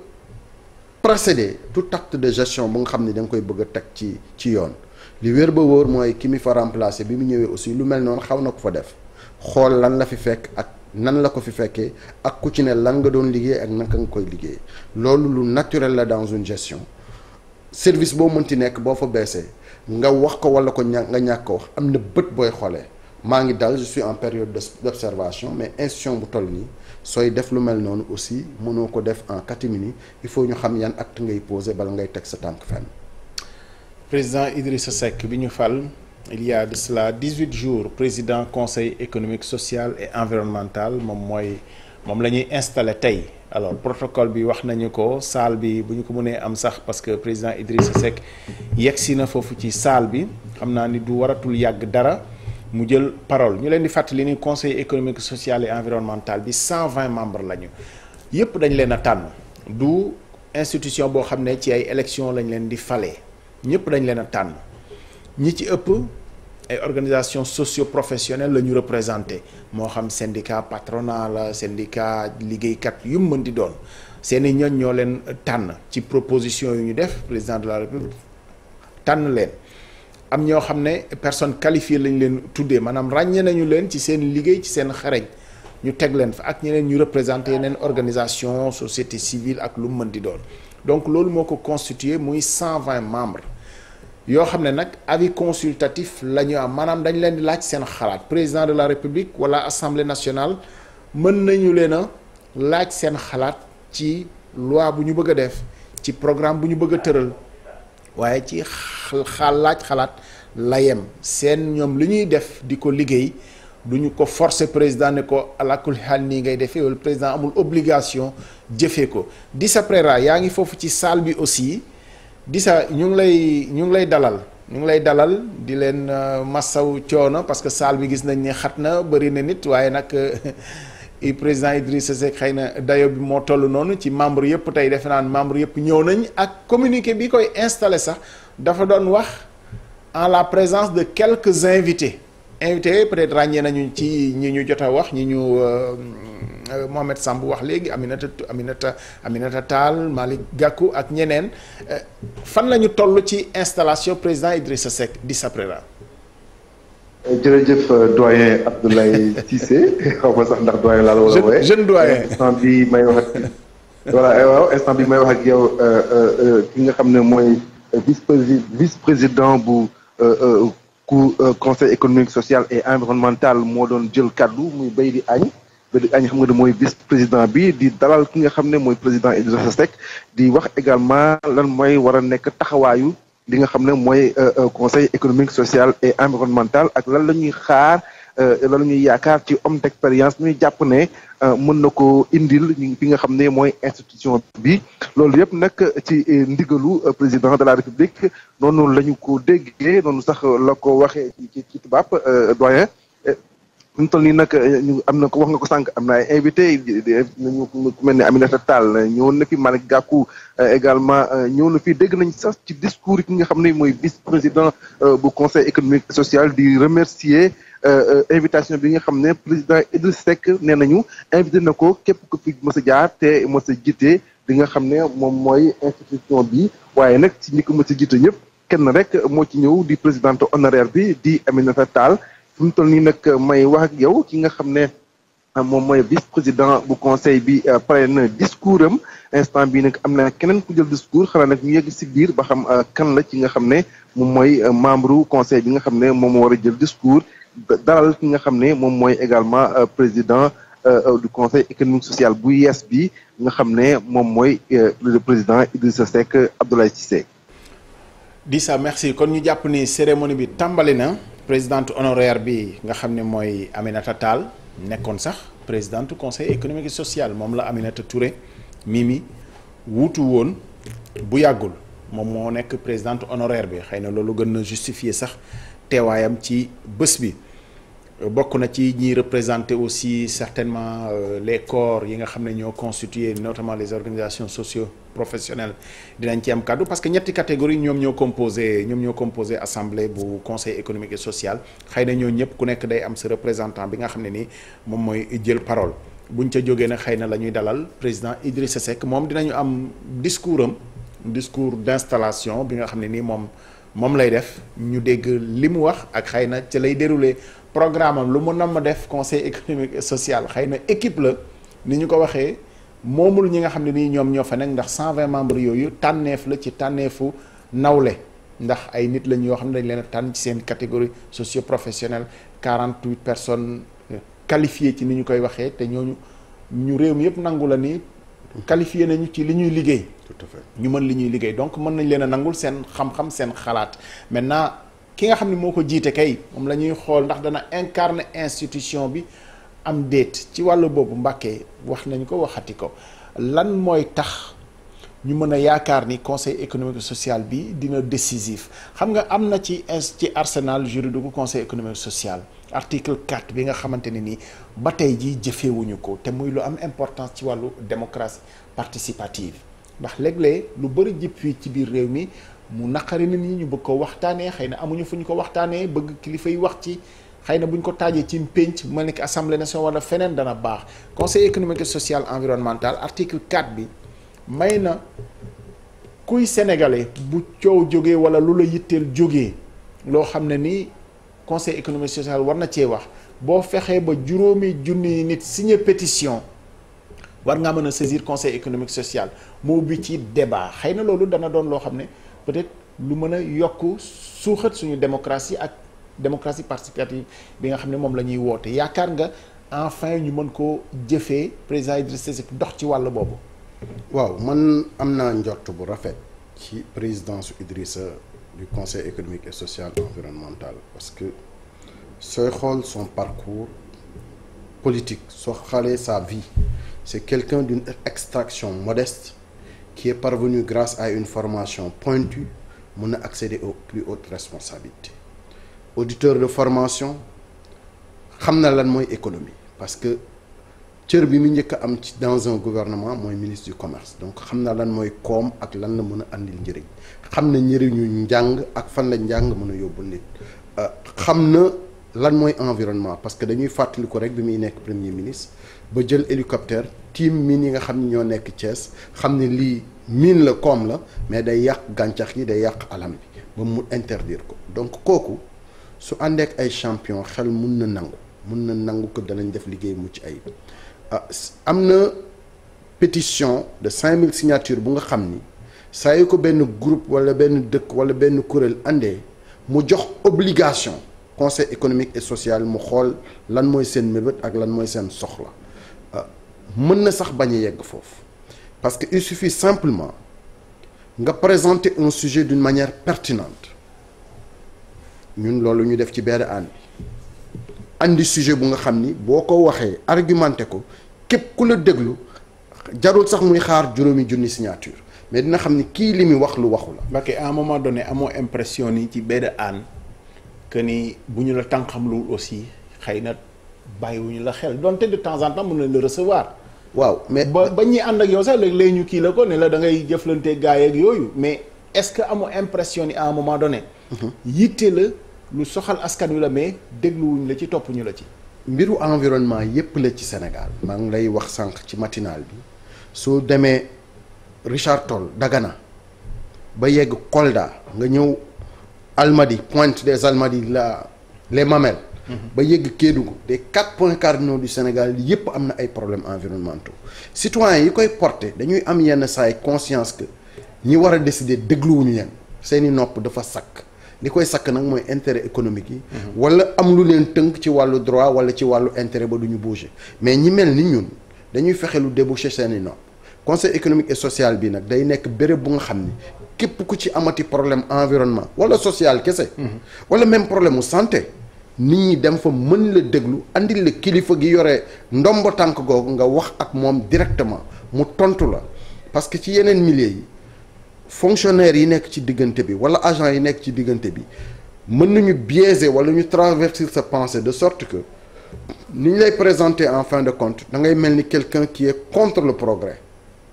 précéder tout acte de gestion bu nga xam ni danga koy bëgg a teg ci ci yoon li wér ba wóor mooy ki mi fa remplacer bi mu ñëwee aussi lu mel noonu xaw na ko fa def xool lan la fi fekk ak nan la ko fi fekkee ak ku ci ne lan nga doon liggéey ak naka nga koy liggéey loolu lu naturel la dans une gestion service boo mënti nekk boo fa baissee nga wax ko wala ko ña nga ñàkk ko wax am na bët booy xoolee maa ngi dal je en période d'observation mais institution bu toll nii sooy def lu mel noonu aussi mënoo ko def en catimini il faut ñu xam yan acte ngay poser bala ngay teg sa tànk fenn. président Idrissa Seck bi ñu fal il y a de dix-huit jours président conseil économique social et environnemental moom mooy. moom la ñuy installé tey alors protocole bi wax nañu ko salle bi bu ñu ko mënee am sax parce que président Idrissa Seck yegsi na foofu ci salle bi xam naa ni du waratul yàgg dara mu jël parole ñu leen di fàttali ni conseil économique sociale et environnemental bi membre membres lañu yépp dañ leen a tànn du institution boo xam ne ci ay élection lañ leen di fale ñëpp dañ leen a tànn ñi ci ëpp. ay organisations socio-professionnelles la ñu représenté moo xam syndicat patronal syndicat liggéeykat yu mu mën di doon seeni ñoñ ñoo leen tànn ci proposition yu ñu def président de la république tànn leen am ñoo xam ne personne qualifiée lañ leen tuddee maanaam ràññee nañu leen ci seen liggéey ci seen xarañ ñu teg leen fa ak ñeneen ñu représenté yeneen organisation société civile ak lu mën di doon donc loolu moo ko constitué muy 120 membres yoo xam ne nag avis consultatif la ñu am maanaam dañu leen di laaj seen xalaat président de la république wala assemblée nationale mën nañu leen a laaj seen xalaat ci loi bu ñu bëgg a def ci programme bu ñu bëgg a tëral waaye ci xal xalaat la yem seen ñoom li ñuy def di ko liggéey du ñu ko forcer président ne ko alakul xaal nii ngay defee wala président amul obligation jëfee ko di sa préra yaa ngi foofu ci salle bi aussi Disa ñu ngi lay ñu ngi lay dalal ñu ngi lay dalal di leen euh, massaw coono parce que salle bi gis nañ ni xat na bëri na nit waaye nag euh, président Idrissa Seck xëy na dayo bi moo toll noonu ci membre yëpp tey defe naan membre yëpp ñëw nañ ak communiqué bi koy installé sax dafa doon wax en la présence de quelque invité invité peut-être ràññee nañu ci ñi ñu jot wax ñi ñu euh, euh, sam bu wax léegi Aminata Aminata Aminata Tall Malick Gakou ak ñeneen euh, fan lañu toll ci installation président Idrissa Seck di Saprera. jërëjëf doyen Abdoulaye Cissé xaw ma sax ndax doyen laa la war jeune doyen instant bi may wax ak voilà waaw instant bi may wax yow ki nga xam ne mooy vice président vice président bu. ku euh, conseil économique social et environnemental moo doon jël kaddu muy bay di añ bay di añ xam nga ne vice président bi di dalal ki nga xam ne mooy président Idrissa Seck di wax également lan mooy war a nekk taxawaayu li nga xam ne mooy euh, euh, conseil économique social et environnemental ak lan la xaar Euh, loolu ñuy yaakaar ci homme d'expérience ñuy jàpp ne euh, mën na ko indil bi nga xam ne mooy institution bi loolu yëpp nag ci euh, ndigalu président de la république noonu la ñu ko déggee noonu sax la ko waxee ci ci tubaab doyen ñu toll nii nag eh, am na ko wax nga ko sànq am na ay invité ñu ku mel ne Aminata Tall eh, ñëwoon na fi Malick Gakou eh, également ñëw na fi dégg nañ sax ci discours yi ki nga xam ne mooy vice président bu conseil économique social di remercier invitation bi nga xam ne président Idriss Seck nee nañu invité na ko képp ku fi mës a jaar te mës a jiite li nga xam ne moom mooy institution bi waaye nag ci ñi ko mës a jiite ñëpp kenn rek moo ci ñëw di présidente honoraire bi di Aminata Tall fu mu nii nag euh, may wax ak yow ki nga xam ne euh, moom mooy vice président bu conseil bi euh, pare na discours am instant bi nag am na keneen ku jël discours xanaa nag ñu yegg si biir ba xam kan la ci nga xam ne moom mooy membre conseil bi nga xam ne moom moo war a jël discours dalal ki nga xam ne moom mooy également président du conseil économique social bu yees bi nga xam ne moom mooy le président Idrissa Seck Abdoulaye di sa merci kon ñu jàpp ni cérémonie bi tàmbali na. présidente honoraire bi nga xam ne mooy Aminata taal nekkoon sax présidente conseil économique social moom la Aminata Touré Mimi wuutu woon bu yàggul moom moo nekk présidente honoraire bi xëy na loolu gën na justifier sax teewaayam ci bés bi bokk na ci ñiy représenter aussi certainement euh, les corps yi nga xam ne ñoo constitué notamment les organisations socio-professionnelles dinañ ci am kàddu parce que ñetti catégorie ñoom ñoo composé ñoom ñoo composé assemblée bu conseil économique et social xëy na ñoo ñëpp ku nekk day am sa représentant bi nga xam ne nii moom mooy jël parole buñ ca jógee nag xëy na la ñuy dalal président Idrissa Seck moom dinañu am discours am discours d'installation bi nga xam ne ni moom moom lay def ñu dégg li mu wax ak xëy na ca lay déroulé programme am lu mu namm def conseil économique social xëy na équipe la ni ñu ko waxee moomul ñi nga xam ne nii ñoom ñoo fa nekk ndax 120 membre yooyu tànneef la ci tànneefu nawle ndax ay nit la yoo xam ne dañ leen a tànn ci seen catégorie socio-professionnelle 48 personnes euh, qualifiées ci ni ñu koy waxee te ñooñu ñu réew mi yëpp nangu la ni. qualifié nañu ci li ñuy liggéey. tout ñu mën li ñuy liggéey donc mën nañ leen a nangul seen xam-xam seen xalaat ki nga xam ne moo ko jiite kay moom la ñuy xool ndax dana incarner institution bi am déet ci wàllu boobu Mbàkke wax nañ ko waxati ko lan mooy tax ñu mën a yaakaar ni conseil économique et social bi dina décisif xam nga am na ci ci arsenal juridique du conseil économique et social article 4 bi nga xamante ne nii ba tey jii jëfeewuñu ko te muy lu am importance ci wàllu démocratie participative ndax léeg-léeg lu bëri jëpp fii ci biir réew mi mu naqari nit ñi ñu bëgg ko waxtaanee xëy na amuñu fu ñu ko waxtaanee bëgg kilifa yi wax ci xëy na buñ ko taajee ci pénc ma nekk assemblée nationale wala feneen dana baax conseil économique social environnemental article 4 bi may na kuy sénégalais bu coow jógee wala lu yitteel jógee loo xam ne ni conseil économique social war na cee wax boo fexee ba juróomi junni nit signé pétition war nga mën a saisir conseil économique social moo bi ci débat xëy na loolu dana doon loo xam ne. peut-être lu mën a yokk suuxat suñu démocratie ak démocratie participative bi nga xam ne moom la ñuy woote yaakaar nga enfin ñu mën ko jëfee président Idrissa dox ci wàll boobu. waaw man am naa njort bu rafet ci présidence Idrissa du conseil économique et social et parce que sooy xool son parcours politique soo xalee sa vie c'est quelqu'un d'une extraction modeste. qui est parvenu grâce à une formation pointue mën a accéder au plus hautes responsabilités auditeur de formation xam na lan mooy économie parce que cër bi mu njëkk am ci dans un gouvernement mooy ministre du commerce donc xam na lan mooy koom ak lan la mën a àndil njëriñ xam na njëriñu njàng ak fan la njàng mën a yóbbu nit euh, xam na lan mooy environnement parce que dañuy fàttali ko rek bi muy nekk premier ministre ba jël hélicoptère team mi yi nga xam ne ñoo nekk Thiès xam ne lii miin la koom la mais day yàq gàncax gi day yàq alam bi ba mu interdire ko donc kooku su àndeek ay champion xel mun na nangu mun na nangu que dalañ def liggéey mu mucc ayib ah, am na pétition de 5000 signatures bu nga xam ni saa yu ko benn groupe wala benn dëkk wala benn kuréel àndee mu jox obligation conseil économique et sociale mu xool lan mooy seen mébét ak lan mooy seen soxla ah, mën na sax bañ a yegg foofu. parce que il suffit simplement nga présenter un sujet d'une manière pertinent ñun loolu ñu def ci benn ànd indi sujet bu nga xam ni boo ko waxee argumenté ko képp ku la déglu jarul sax muy xaar juróomi junni signature mais dina xam ni kii li muy wax lu waxu la. Mbacké à un moment amoon impression ni ci benn ànd que ni bu ñu la tànqamluwul aussi xëy na bàyyi bàyyiwuñu la xel donte de temps en temps mën nañ la recevoir. waaw mais ba ba ñuy ànd ak yow sax léegi léegi ñu kii la ko ne la da ngay jëflante gaay ak yooyu mais est-ce que amu impression ni à un moment mhm. yitte la lu soxal askan wi la mais dégluwuñ la ci topp ñu la ci. mbiru environnement yépp la ci senegal maa ngi lay wax sànq ci matinal bi soo demee Richard Toll Dagana ba yegg Kolda nga ñëw Almadies Pointe des Almadies la les Mamelles. Mm-hmm. ba yëgg Kédougou des quatre points cardinaux du Sénégal yépp am na ay problème problèmes environnementaux citoyens yi koy porter dañuy am yenn saay conscience que ñi war a décider dégluwuñu leen seeni nopp dafa sakk li koy sakk nag mooy intérêt économique yi mm-hmm. wala am lu leen tënk ci wàllu droit wala ci wàllu intérêt ba du ñu bouger mais ñi mel ni ñun dañuy fexe lu déboucher seeni nopp conseil économique et social bi nag day nekk béréb bu nga xam ni képp ku ci amati problème environnement wala social kese mm-hmm. wala même problème mu santé nit ñi dem fa mën la déglu andil la kilifa gi yore ndomba tànk googu nga wax ak moom directement mu tontu la parce que ci yeneen milieu yi fonctionnaire yi nekk ci diggante bi wala agent yi nekk ci diggante bi mën nañu biaiser wala ñu traversir sa pensée de sorte que ni ñu lay présenter en fin de compte da ngay mel ni quelqu'un qui est contre le progrès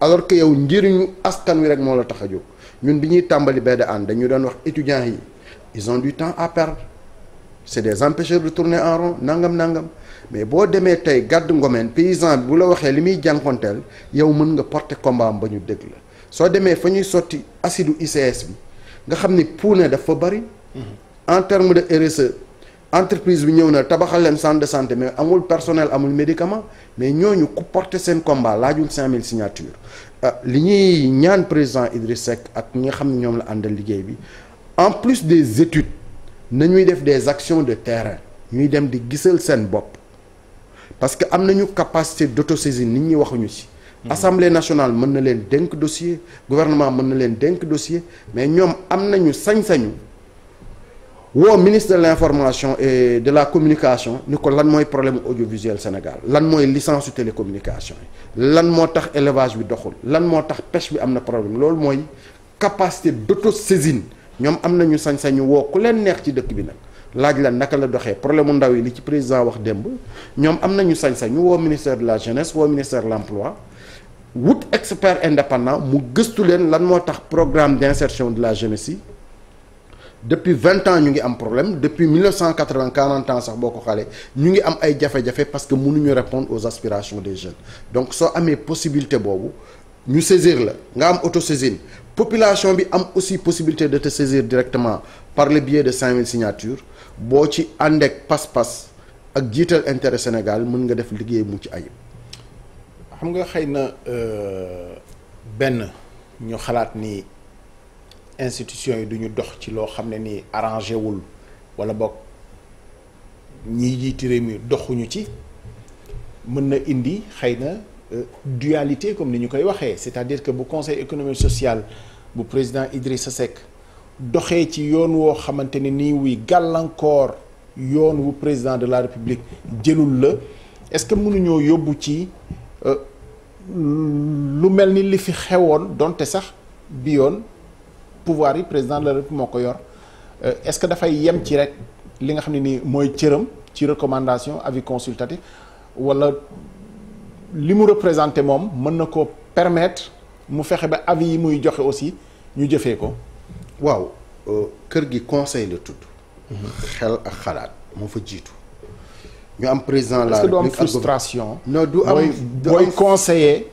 alors que yow njëriñu askan wi rek moo la tax a jóg ñun bi ñuy tàmbali benn ànd dañu doon wax étudiants yi c'est des empêcheurs de tourner en rond nangam nangam mais boo demee tey gàdd ngomeen paysan bu la waxee li muy jànkonteel yow mën nga porte combat am ba ñu dégg la soo demee fa ñuy sotti acide ICS bi nga xam ni puune dafa bari. Mhm. en terme de RSE entreprise bi ñëw na tabaxal leen centre de santé mais amul personnel amul médicament mais ñooñu ku porter seen combat laajul mille signatures euh, li ñuy ñaan président Idriss sec ak ñi nga xam ne ñoom la àndal liggéey bi en plus des études. nañuy def des actions de terrain ñuy dem di gisal seen bopp parce que am nañu capacité d'autosaisine nit ñi waxuñu ci. Mm-hmm. assemblée nationale mën na leen dénk dossier gouvernement mën na leen dénk dossier mais ñoom am nañu sañ-sañu woo ministre de l'information et de la communication ni ko lan mooy problème audiovisuel Sénégal lan mooy licence su télécommunication yi lan moo tax élevage bi doxul lan moo tax pêche bi am na problème loolu mooy capacité d'autosaisine ñoom am nañu sañ-sañu woo ku leen neex ci dëkk bi nag laaj la naka la doxee problème mu ndaw yi li ci président wax démb ñoom am nañu sañ sañ woo ministère de la jeunesse woo ministère de l'emploi wut expert indépendant mu gëstu leen lan moo tax programme d'insertion de la jeunesse yi depuis vingt ans ñu ngi am problème depuis mille neuf cent quatre-vingt quarante ans sax boo ko xalee ñu ngi am ay jafe-jafe parce que mënuñu répondre aux aspirations des jeunes donc soo amee possibilité boobu ñu saisir la nga am autosaisine population bi am aussi possibilité de te saisir directement par le biais de 5000 signatures boo ci àndeek pas-pas ak jiital intérêt Sénégal mën nga def liggéey mu ci ayib. xam nga xëy na euh, benn ñu xalaat ni institution yi duñu dox ci loo xam ne nii arrangé wul wala boog ñiy jiiti réew mi doxuñu ci mën na indi xëy na euh, dualité comme ni ñu koy waxee c'est-à-dire que bu conseil économique social. bu président Idrissa Seck doxee ci yoon woo xamante ni nii wuy gàllankoor yoon wu président de la république jëlul la est-ce que mënuñoo yóbbu ci euh, lu mel ni li fi xewoon donte sax bi yoon pouvoir yi président de la république moo ko yor euh, est-ce que dafay yem ci rek li nga xam ne nii mooy cëram ci recommandation avis consultatif walla li mu représenté moom mën na ko permettre mu fexe ba avis yi muy joxe aussi ñu jëfee ko. waaw euh, kër gi conseil la tudd. Mhm. xel ak xalaat moo fa jiitu. ñu am président la république est-ce que du am frustration. non booy conseiller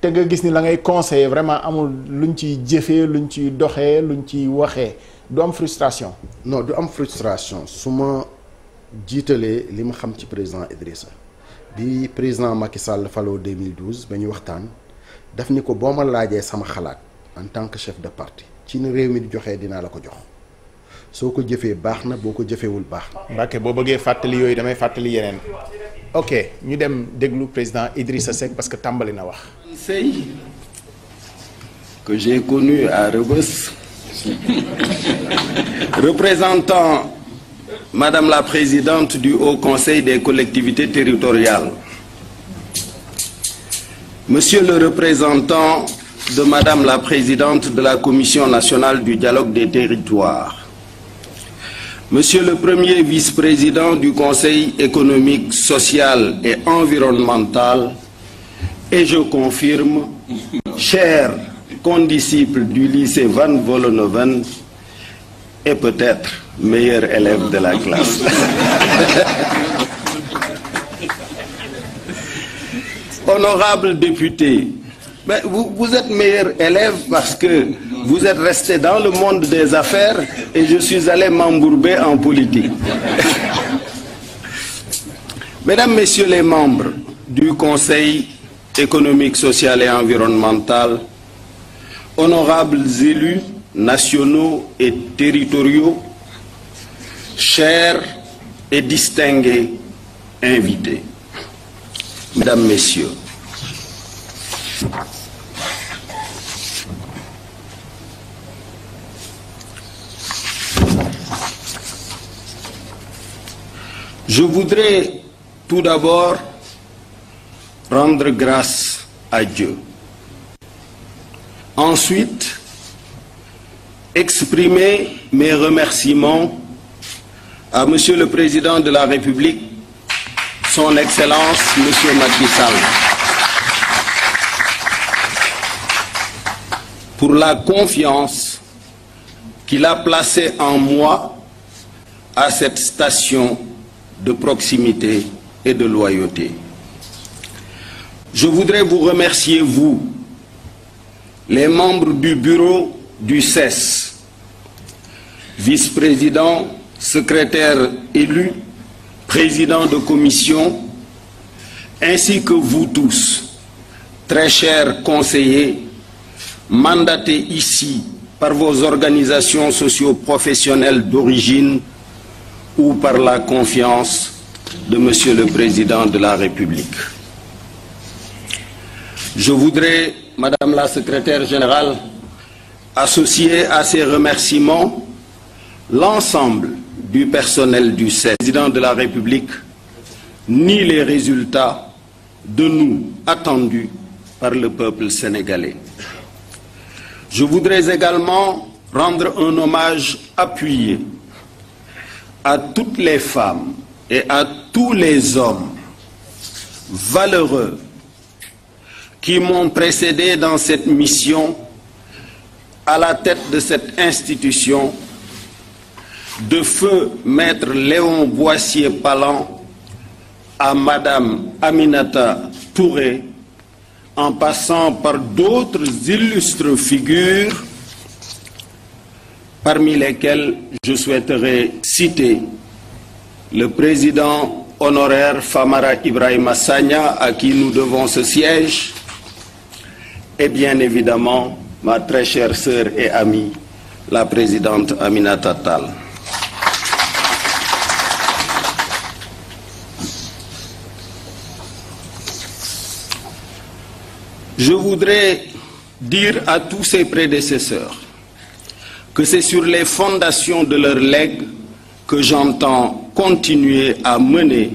te nga gis ni la ngay conseiller vraiment amul lu luñ ciy jëfee luñ ciy doxee luñ ciy waxee du am frustration. non du am frustration su ma jiitalee li ma xam ci président Idrissa bi président Macky Sall faloo 2012 ba ñu waxtaan. daf ni ko boo ma laajee sama xalaat en tant que chef de parti ci ni réew mi di joxee dinaa la ko jox soo ko jëfee baax na boo ko jëfewul baax na. boo bëggee fàttali yooyu damay fàttali yeneen ok ñu dem déglu président Idrissa Seck parce que tàmbali na wax. conseil que j'ai à Rebeuss représentant madame la présidente du Haut Conseil des collectivités territoriales. Monsieur le représentant de Madame la Présidente de la Commission nationale du dialogue des territoires, Monsieur le Premier vice-président du Conseil économique, social et environnemental, et je confirme, cher condisciple du lycée Van Vollenhoven et peut-être meilleur élève de la classe. Honorable député, vous, êtes meilleur élève parce que vous êtes resté dans le monde des affaires et je suis allé m'embourber en politique. Mesdames, Messieurs les membres du Conseil économique, social et environnemental, honorables élus nationaux et territoriaux, chers et distingués invités. Mesdames, Messieurs, je voudrais tout d'abord rendre grâce à Dieu. Ensuite, exprimer mes remerciements à Monsieur le Président de la République son excellence monsieur Macky Sall pour la confiance qu'il a placée en moi à cette station de proximité et de loyauté. Je voudrais vous remercier, vous, les membres du bureau du CES, vice-président, secrétaire élu, président de commission, ainsi que vous tous, très chers conseillers, mandatés ici par vos organisations socio-professionnelles d'origine ou par la confiance de Monsieur le Président de la République. Je voudrais, Madame la Secrétaire Générale, associer à ces remerciements l'ensemble du personnel du CES, président de la République, ni les résultats de nous attendus par le peuple sénégalais. Je voudrais également rendre un hommage appuyé à toutes les femmes et à tous les hommes valeureux qui m'ont précédé dans cette mission à la tête de cette institution de feu maître Léon Boissier Palan à madame Aminata Touré, en passant par d'autres illustres figures, parmi lesquelles je souhaiterais citer le président honoraire Famara Ibrahim Sagna, à qui nous devons ce siège, et bien évidemment ma très chère sœur et amie, la présidente Aminata Tal. Je voudrais dire à tous ses prédécesseurs que c'est sur les fondations de leur legs que j'entends continuer à mener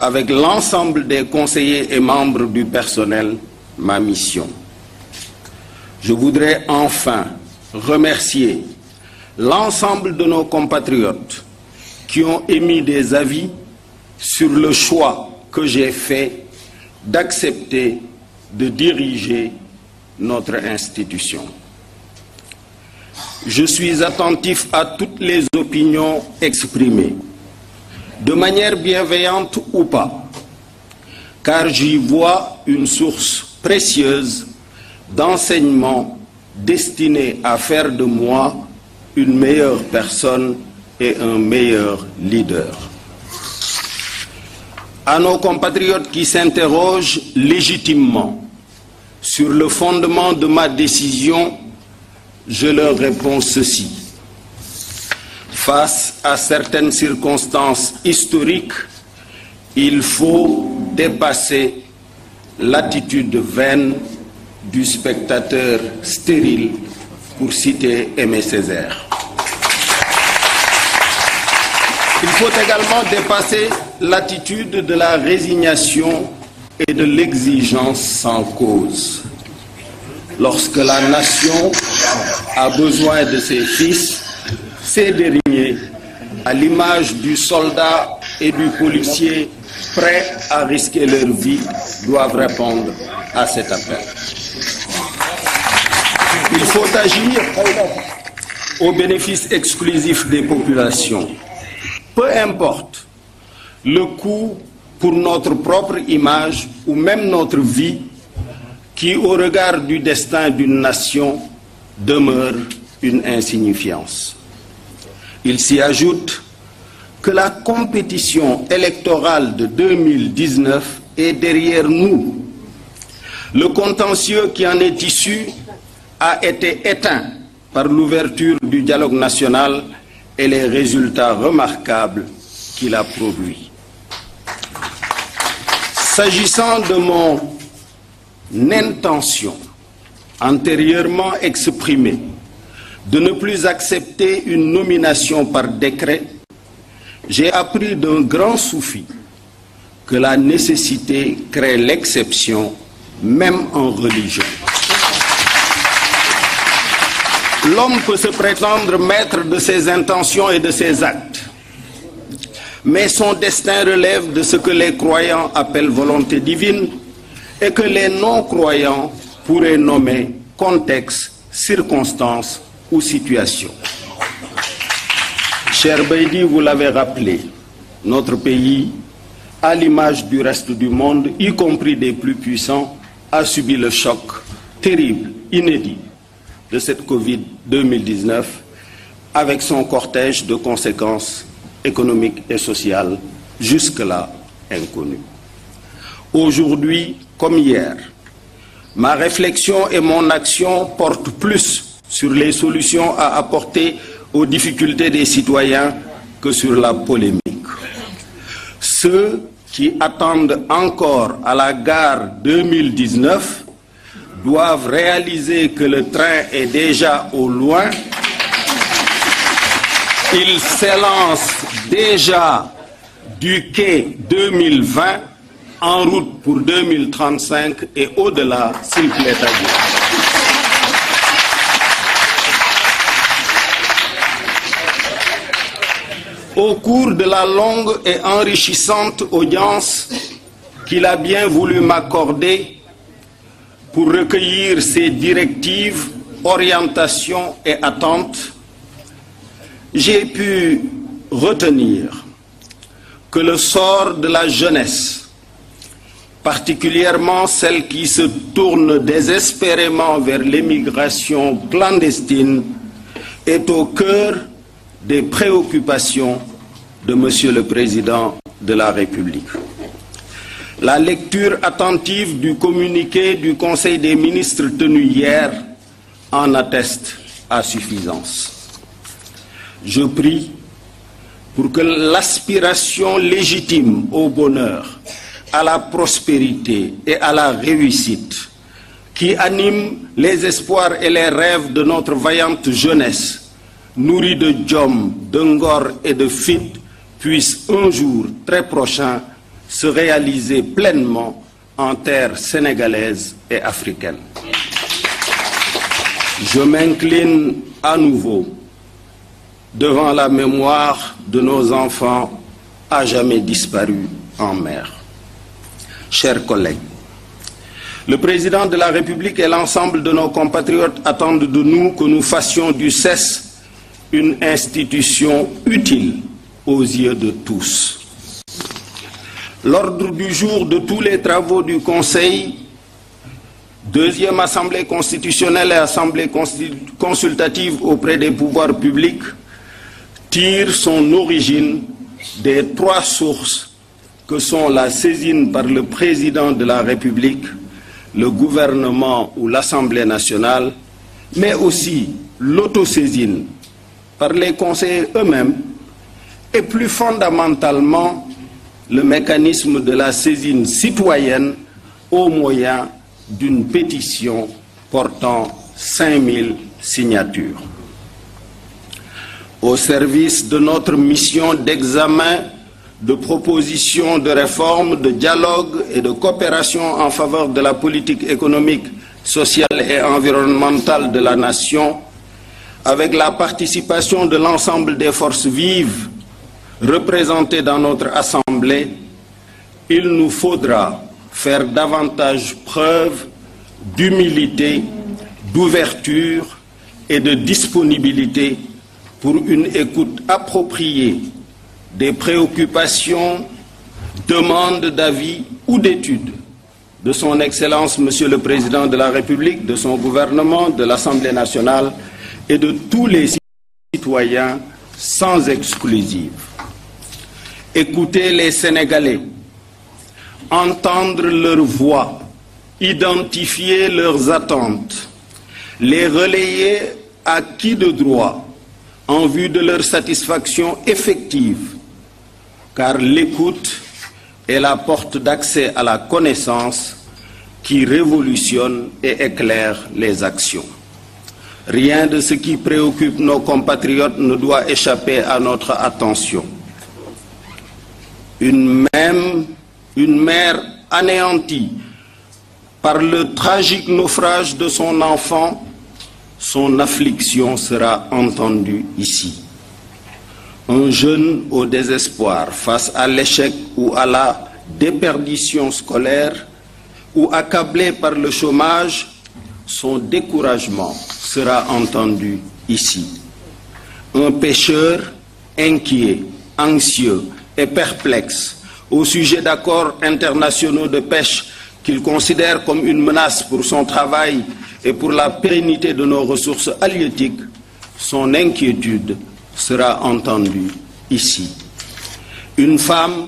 avec l'ensemble des conseillers et membres du personnel ma mission. Je voudrais enfin remercier l'ensemble de nos compatriotes qui ont émis des avis sur le choix que j'ai fait d'accepter de diriger notre institution. Je suis attentif à toutes les opinions exprimées, de manière bienveillante ou pas, car j'y vois une source précieuse d'enseignements destiné à faire de moi une meilleure personne et un meilleur leader. à nos compatriotes qui s'interrogent légitimement sur le fondement de ma décision, je leur réponds ceci. Face à certaines circonstances historiques, il faut dépasser l'attitude vaine du spectateur stérile, pour citer Aimé Césaire. Il faut également dépasser l'attitude de la résignation et de l'exigence sans cause. Lorsque la nation a besoin de ses fils, ces derniers, à l'image du soldat et du policier prêts à risquer leur vie, doivent répondre à cet appel. Il faut agir au bénéfice exclusif des populations. peu importe le pour notre propre image ou même notre vie, qui au regard du destin d'une nation demeure une insignifiance. Il s'y ajoute que la compétition électorale de 2019 est derrière nous. Le contentieux qui en est issu a été éteint par l'ouverture du dialogue national et les résultats remarquables qu'il a produits. S'agissant de mon intention antérieurement exprimée de ne plus accepter une nomination par décret, j'ai appris d'un grand soufi que la nécessité crée l'exception, même en religion. L'homme peut se prétendre maître de ses intentions et de ses actes, mais son destin relève de ce que les croyants appellent volonté divine et que les non-croyants pourraient nommer contexte, circonstance ou situation. Cher Beidi, vous l'avez rappelé, notre pays, à l'image du reste du monde, y compris des plus puissants, a subi le choc terrible, inédit de cette Covid-2019 avec son cortège de conséquences économiques et sociales jusque-là inconnues. Aujourd'hui, comme hier, ma réflexion et mon action plus sur les solutions à apporter aux difficultés des citoyens que sur la polémique. Ceux qui attendent encore à la gare 2019 doivent réaliser que le train est au loin. Il s'élance du quai 2020 en route pour 2035 et au-delà, s'il plaît de la longue et enrichissante audience qu'il bien voulu m'accorder, pour recueillir ses directives, orientations et attentes, j'ai pu retenir que le sort de la jeunesse, particulièrement celle qui se tourne désespérément vers l'émigration clandestine, est au cœur des préoccupations de Monsieur le Président de la République. La lecture attentive du communiqué du Conseil des ministres tenu hier en atteste à suffisance. Je prie pour que l'aspiration légitime au bonheur, à la prospérité et à la réussite qui anime les espoirs et les rêves de notre vaillante jeunesse, nourrie de Djom, de Ngor et de Fit, puisse un jour très prochain se réaliser pleinement en terre sénégalaise et africaine. Je m'incline à nouveau devant la mémoire de nos enfants à jamais disparus en mer. Chers collègues, le président de la République et l'ensemble de nos compatriotes attendent de nous que nous fassions du CES une institution utile aux yeux de tous. L'ordre du jour de tous les travaux du Conseil, deuxième Assemblée constitutionnelle et Assemblée consultative auprès des pouvoirs publics, tire son origine des trois sources que sont la saisine par le président de la République, le gouvernement ou l'Assemblée nationale, mais aussi l'autosaisine par les conseillers eux-mêmes et plus fondamentalement le mécanisme de la saisine citoyenne au moyen d'une pétition portant 5000 signatures. Au service de notre mission d'examen de propositions de réforme, de dialogue et de coopération en faveur de la politique économique, sociale et environnementale de la nation, avec la participation de l'ensemble des forces vives représentés dans notre Assemblée, il nous faudra faire davantage preuve d'humilité, d'ouverture et de disponibilité pour une écoute appropriée des préoccupations, demandes d'avis ou d'études de son Excellence Monsieur le Président de la République, de son gouvernement, de l'Assemblée nationale et de tous les citoyens sans exclusive. écouter les Sénégalais, entendre leur voix, identifier leurs attentes, les relayer à qui de droit en vue de leur satisfaction effective, car l'écoute est la porte d'accès à la connaissance qui révolutionne et éclaire les actions. Rien de ce qui préoccupe nos compatriotes ne doit échapper à notre attention. une même, mère anéantie par le tragique naufrage de son enfant, son affliction sera entendue ici. Un jeune au désespoir face à l'échec ou à la déperdition scolaire ou accablé par le chômage, son découragement sera entendu ici. Un pêcheur inquiet, anxieux, et perplexe au sujet d'accords internationaux de pêche qu'il considère comme une menace pour son travail et pour la pérennité de nos ressources halieutiques, son inquiétude sera entendue ici. Une femme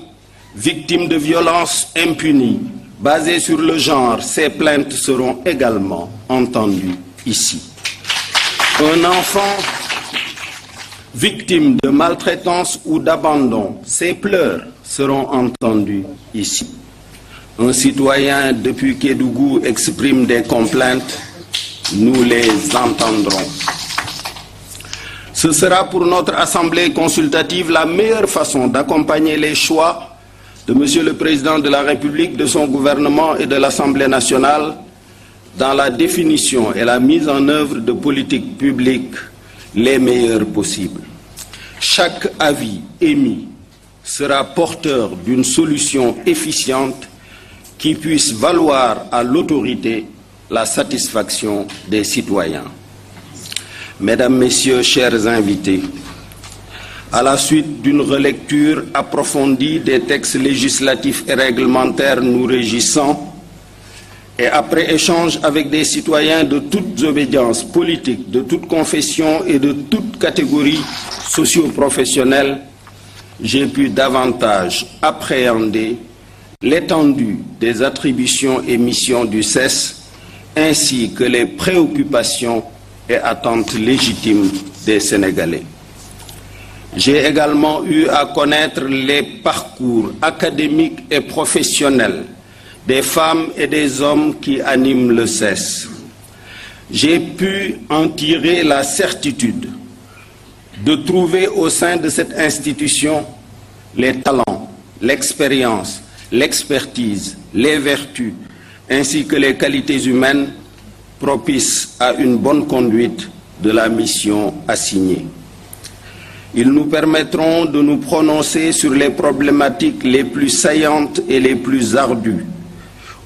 victime de violences impunies basées sur le genre, ses plaintes seront également entendues ici. Un enfant victimes de maltraitance ou d'abandon, ses pleurs seront entendus ici. Un citoyen depuis Kédougou exprime des complaintes, nous les entendrons. Ce sera pour notre Assemblée consultative la meilleure façon d'accompagner les choix de Monsieur le Président de la République, de son gouvernement et de l'Assemblée nationale dans la définition et la mise en œuvre de politiques publiques les meilleurs possibles. Chaque avis émis sera porteur d'une solution efficiente qui puisse valoir à l'autorité la satisfaction des citoyens. Mesdames, Messieurs, chers invités, à la suite d'une relecture approfondie des textes législatifs et réglementaires nous régissant, et après échange avec des citoyens de toutes obédiences politiques, de toutes confessions et de toutes catégories socio-professionnelles, j'ai pu davantage appréhender l'étendue des attributions et missions du CES, ainsi que les préoccupations et attentes légitimes des Sénégalais. J'ai également eu à connaître les parcours académiques et professionnels des femmes et des hommes qui animent le CES. J'ai pu en tirer la certitude de trouver au sein de cette institution les talents, l'expérience, l'expertise, les vertus, ainsi que les qualités humaines propices à une bonne conduite de la mission assignée. Ils nous permettront de nous prononcer sur les problématiques les plus saillantes et les plus ardues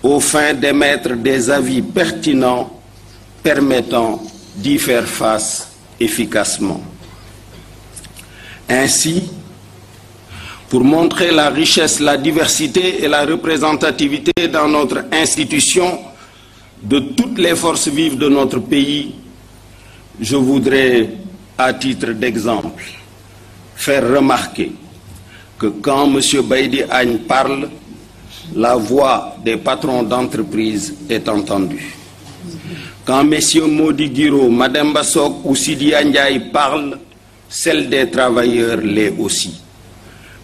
aux fins d'émettre des avis pertinents permettant d'y faire face efficacement. Ainsi, pour montrer la richesse, la diversité et la représentativité dans notre institution de toutes les forces vives de notre pays, je voudrais, à titre d'exemple, faire remarquer que quand M. Baïdi Agne parle, la voix des patrons d'entreprise est entendue. Quand messieurs Modi Guiro, Madame Bassok ou Sidia Ndiaye parlent, celle des travailleurs l'est aussi.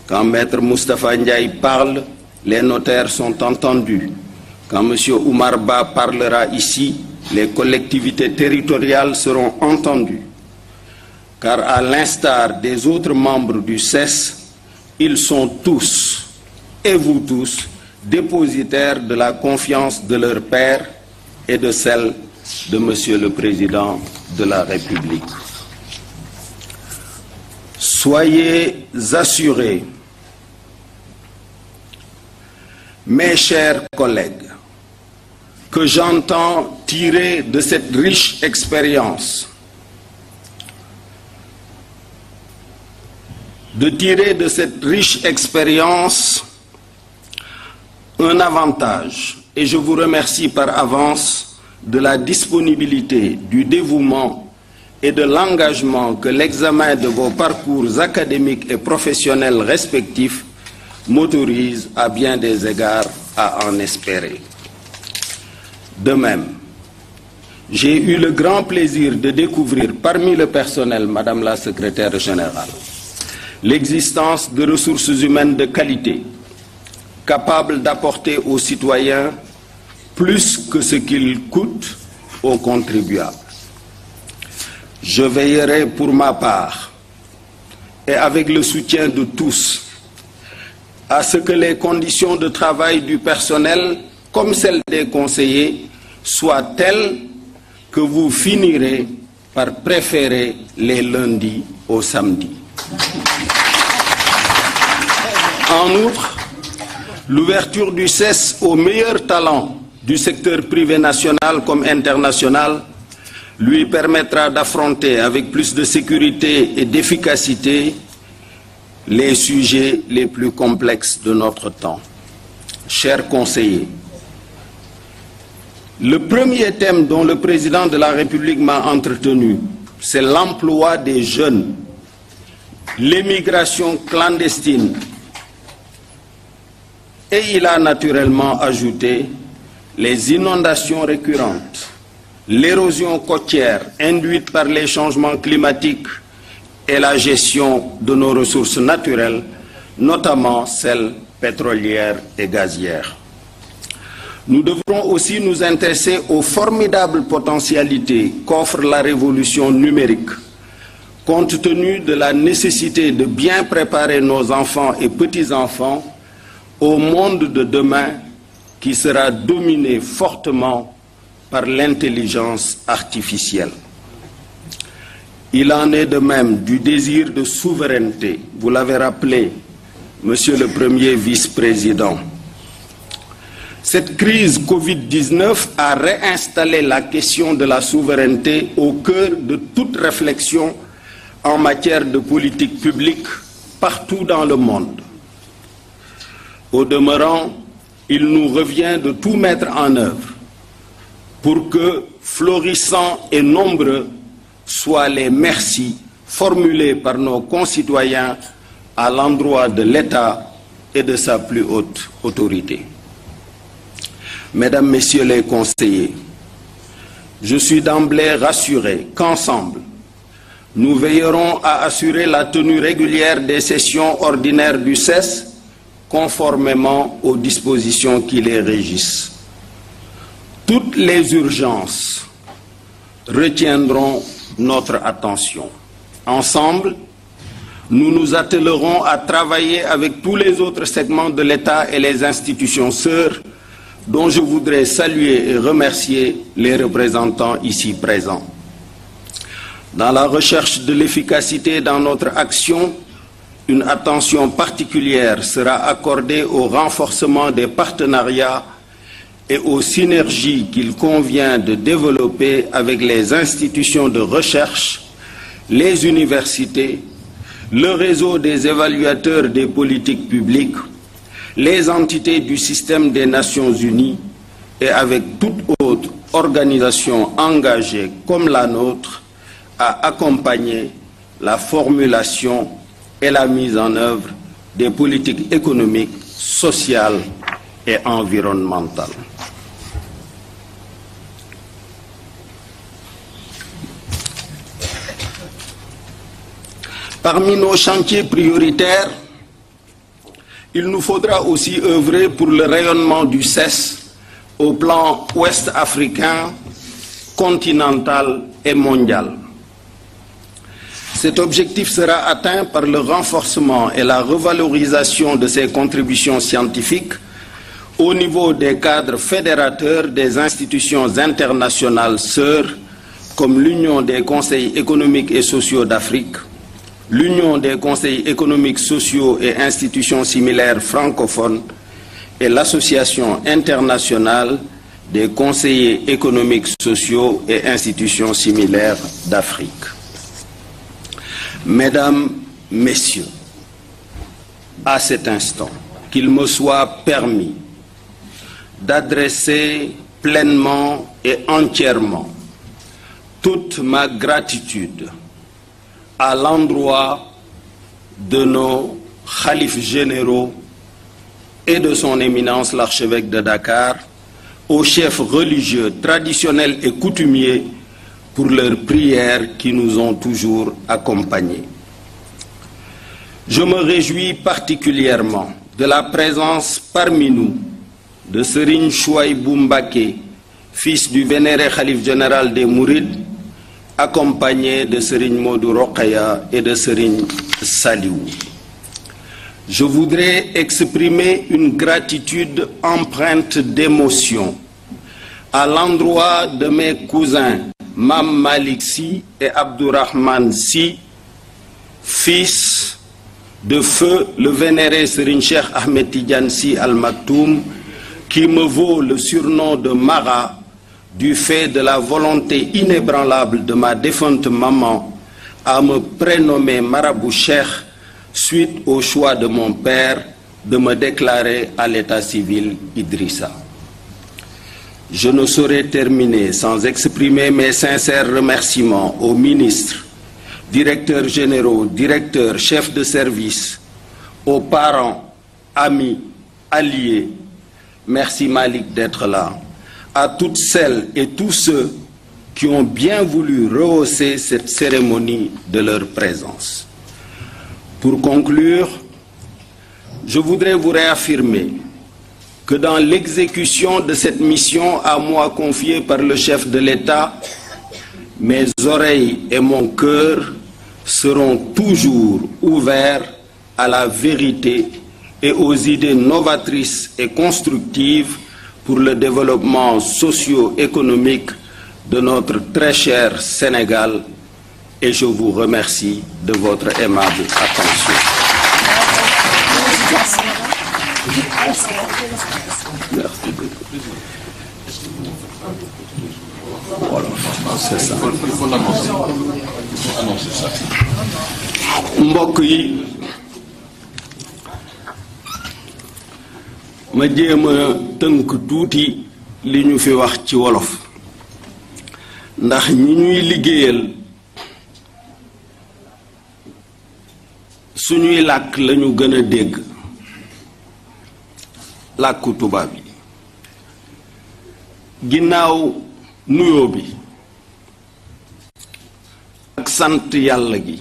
Quand Maître Moustapha Ndiaye parle, les notaires sont entendus. Quand Monsieur Oumar Ba parlera ici, les collectivités territoriales seront entendues. Car à l'instar des autres membres du CES, ils sont tous, et vous tous, dépositaires de la confiance de leur père et de celle de Monsieur le Président de la République. Soyez assurés, mes chers collègues, que j'entends tirer de cette riche de tirer de cette riche expérience un avantage et je vous remercie par avance de la disponibilité, du dévouement et de l'engagement que l'examen de vos parcours académiques et professionnels respectifs m'autorise à bien des égards à en espérer. De même, j'ai eu le grand plaisir de découvrir parmi le personnel, Madame la Secrétaire générale, l'existence de ressources humaines de qualité capable d'apporter aux citoyens plus que ce qu'il coûte aux contribuables. Je veillerai pour ma part et avec le soutien de tous à ce que les conditions de travail du personnel comme celles des conseillers soient telles que vous finirez par préférer les lundis au samedi. l'ouverture du CES aux meilleurs du secteur privé national comme international lui permettra d'affronter avec plus de sécurité et d'efficacité les sujets les plus complexes de notre temps. Chers conseillers, le premier thème dont le président de la République m'a entretenu, c'est l'emploi des jeunes, l'émigration clandestine Et il a naturellement ajouté les inondations récurrentes, l'érosion côtière induite par les changements climatiques et la gestion de nos ressources naturelles, notamment celles pétrolières et gazières. Nous devrons aussi nous intéresser aux formidables potentialités qu'offre la révolution numérique, compte tenu de la nécessité de bien préparer nos enfants et petits-enfants au monde de demain qui sera dominé fortement par l'intelligence artificielle. Il en de même du désir de souveraineté, vous l'avez rappelé, le Premier vice-président. Cette crise Covid-19 a réinstallé la question de la souveraineté au cœur de toute réflexion en matière de politique publique partout dans le monde. Au demeurant, il nous revient de tout mettre en œuvre pour que, florissants et nombreux, soient les merci formulés par nos concitoyens à l'endroit de l'État et de sa plus haute autorité. Mesdames, Messieurs les conseillers, je suis d'emblée rassuré qu'ensemble, nous veillerons à assurer la tenue régulière des sessions ordinaires du CES conformément aux dispositions qui les régissent. Toutes les urgences retiendront notre attention. Ensemble, nous nous attellerons à travailler avec tous les autres segments de l'État et les institutions sœurs dont je voudrais saluer et remercier les représentants ici présents. Dans la recherche de l'efficacité dans notre action, une attention particulière sera accordée au renforcement des partenariats et aux synergies qu'il convient de développer avec les institutions de recherche, les universités, le réseau des évaluateurs des politiques publiques, les entités du système des Nations Unies et avec toute autre organisation engagée comme la nôtre à accompagner la formulation et la mise en œuvre des politiques économiques, sociales et environnementales. Parmi nos chantiers prioritaires, il nous faudra aussi œuvrer pour le rayonnement du CES au plan ouest africain, continental et mondial. Cet objectif sera atteint par le renforcement et la revalorisation de ces contributions scientifiques au niveau des cadres fédérateurs des institutions internationales sœurs comme l'Union des conseils économiques et sociaux d'Afrique, l'Union des conseils économiques, sociaux et institutions similaires francophones et l'Association internationale des conseillers économiques, sociaux et institutions similaires d'Afrique. Mesdames, Messieurs, à cet instant, qu'il me soit permis d'adresser pleinement et entièrement toute ma gratitude à l'endroit de nos khalifes généraux et de son éminence l'archevêque de Dakar, aux chefs religieux traditionnels et coutumiers pour leurs prières qui nous ont toujours accompagnés. Je me réjouis particulièrement de la présence parmi nous de Serine Chouaï Boumbake, fils du vénéré Khalif général des Mourides, accompagné de Serine Modou Rokaya et de Serine Saliou. Je voudrais exprimer une gratitude empreinte d'émotion à l'endroit de mes cousins Mam Malik Si et Abdourahman Si, fils de feu le vénéré Serigne Cheikh Ahmed Tidiane Si Al Maktoum, qui me vaut le surnom de Mara du fait de la volonté inébranlable de ma défunte maman à me prénommer Marabou Cheikh suite au choix de mon père de me déclarer à l'état civil Je ne saurais terminer sans exprimer mes sincères remerciements aux ministres, directeurs généraux, directeurs, chefs de service, aux parents, amis, alliés. Merci Malik d'être là. À toutes celles et tous ceux qui ont bien voulu rehausser cette cérémonie de leur présence. Pour conclure, je voudrais vous réaffirmer que dans l'exécution de cette mission à moi confiée par le chef de l'État, mes oreilles et mon cœur seront toujours ouverts à la vérité et aux idées novatrices et constructives pour le développement socio-économique de notre très cher Sénégal et je vous remercie de votre aimable attention. mbokk yi ma jéema tënk tuuti li ñu fi wax ci wolof ndax ñi ñuy liggéeyal suñuy làkk lañu gën a dégg làkku tubaab yi ginnaaw nuyoo bi ak sant yàlla gi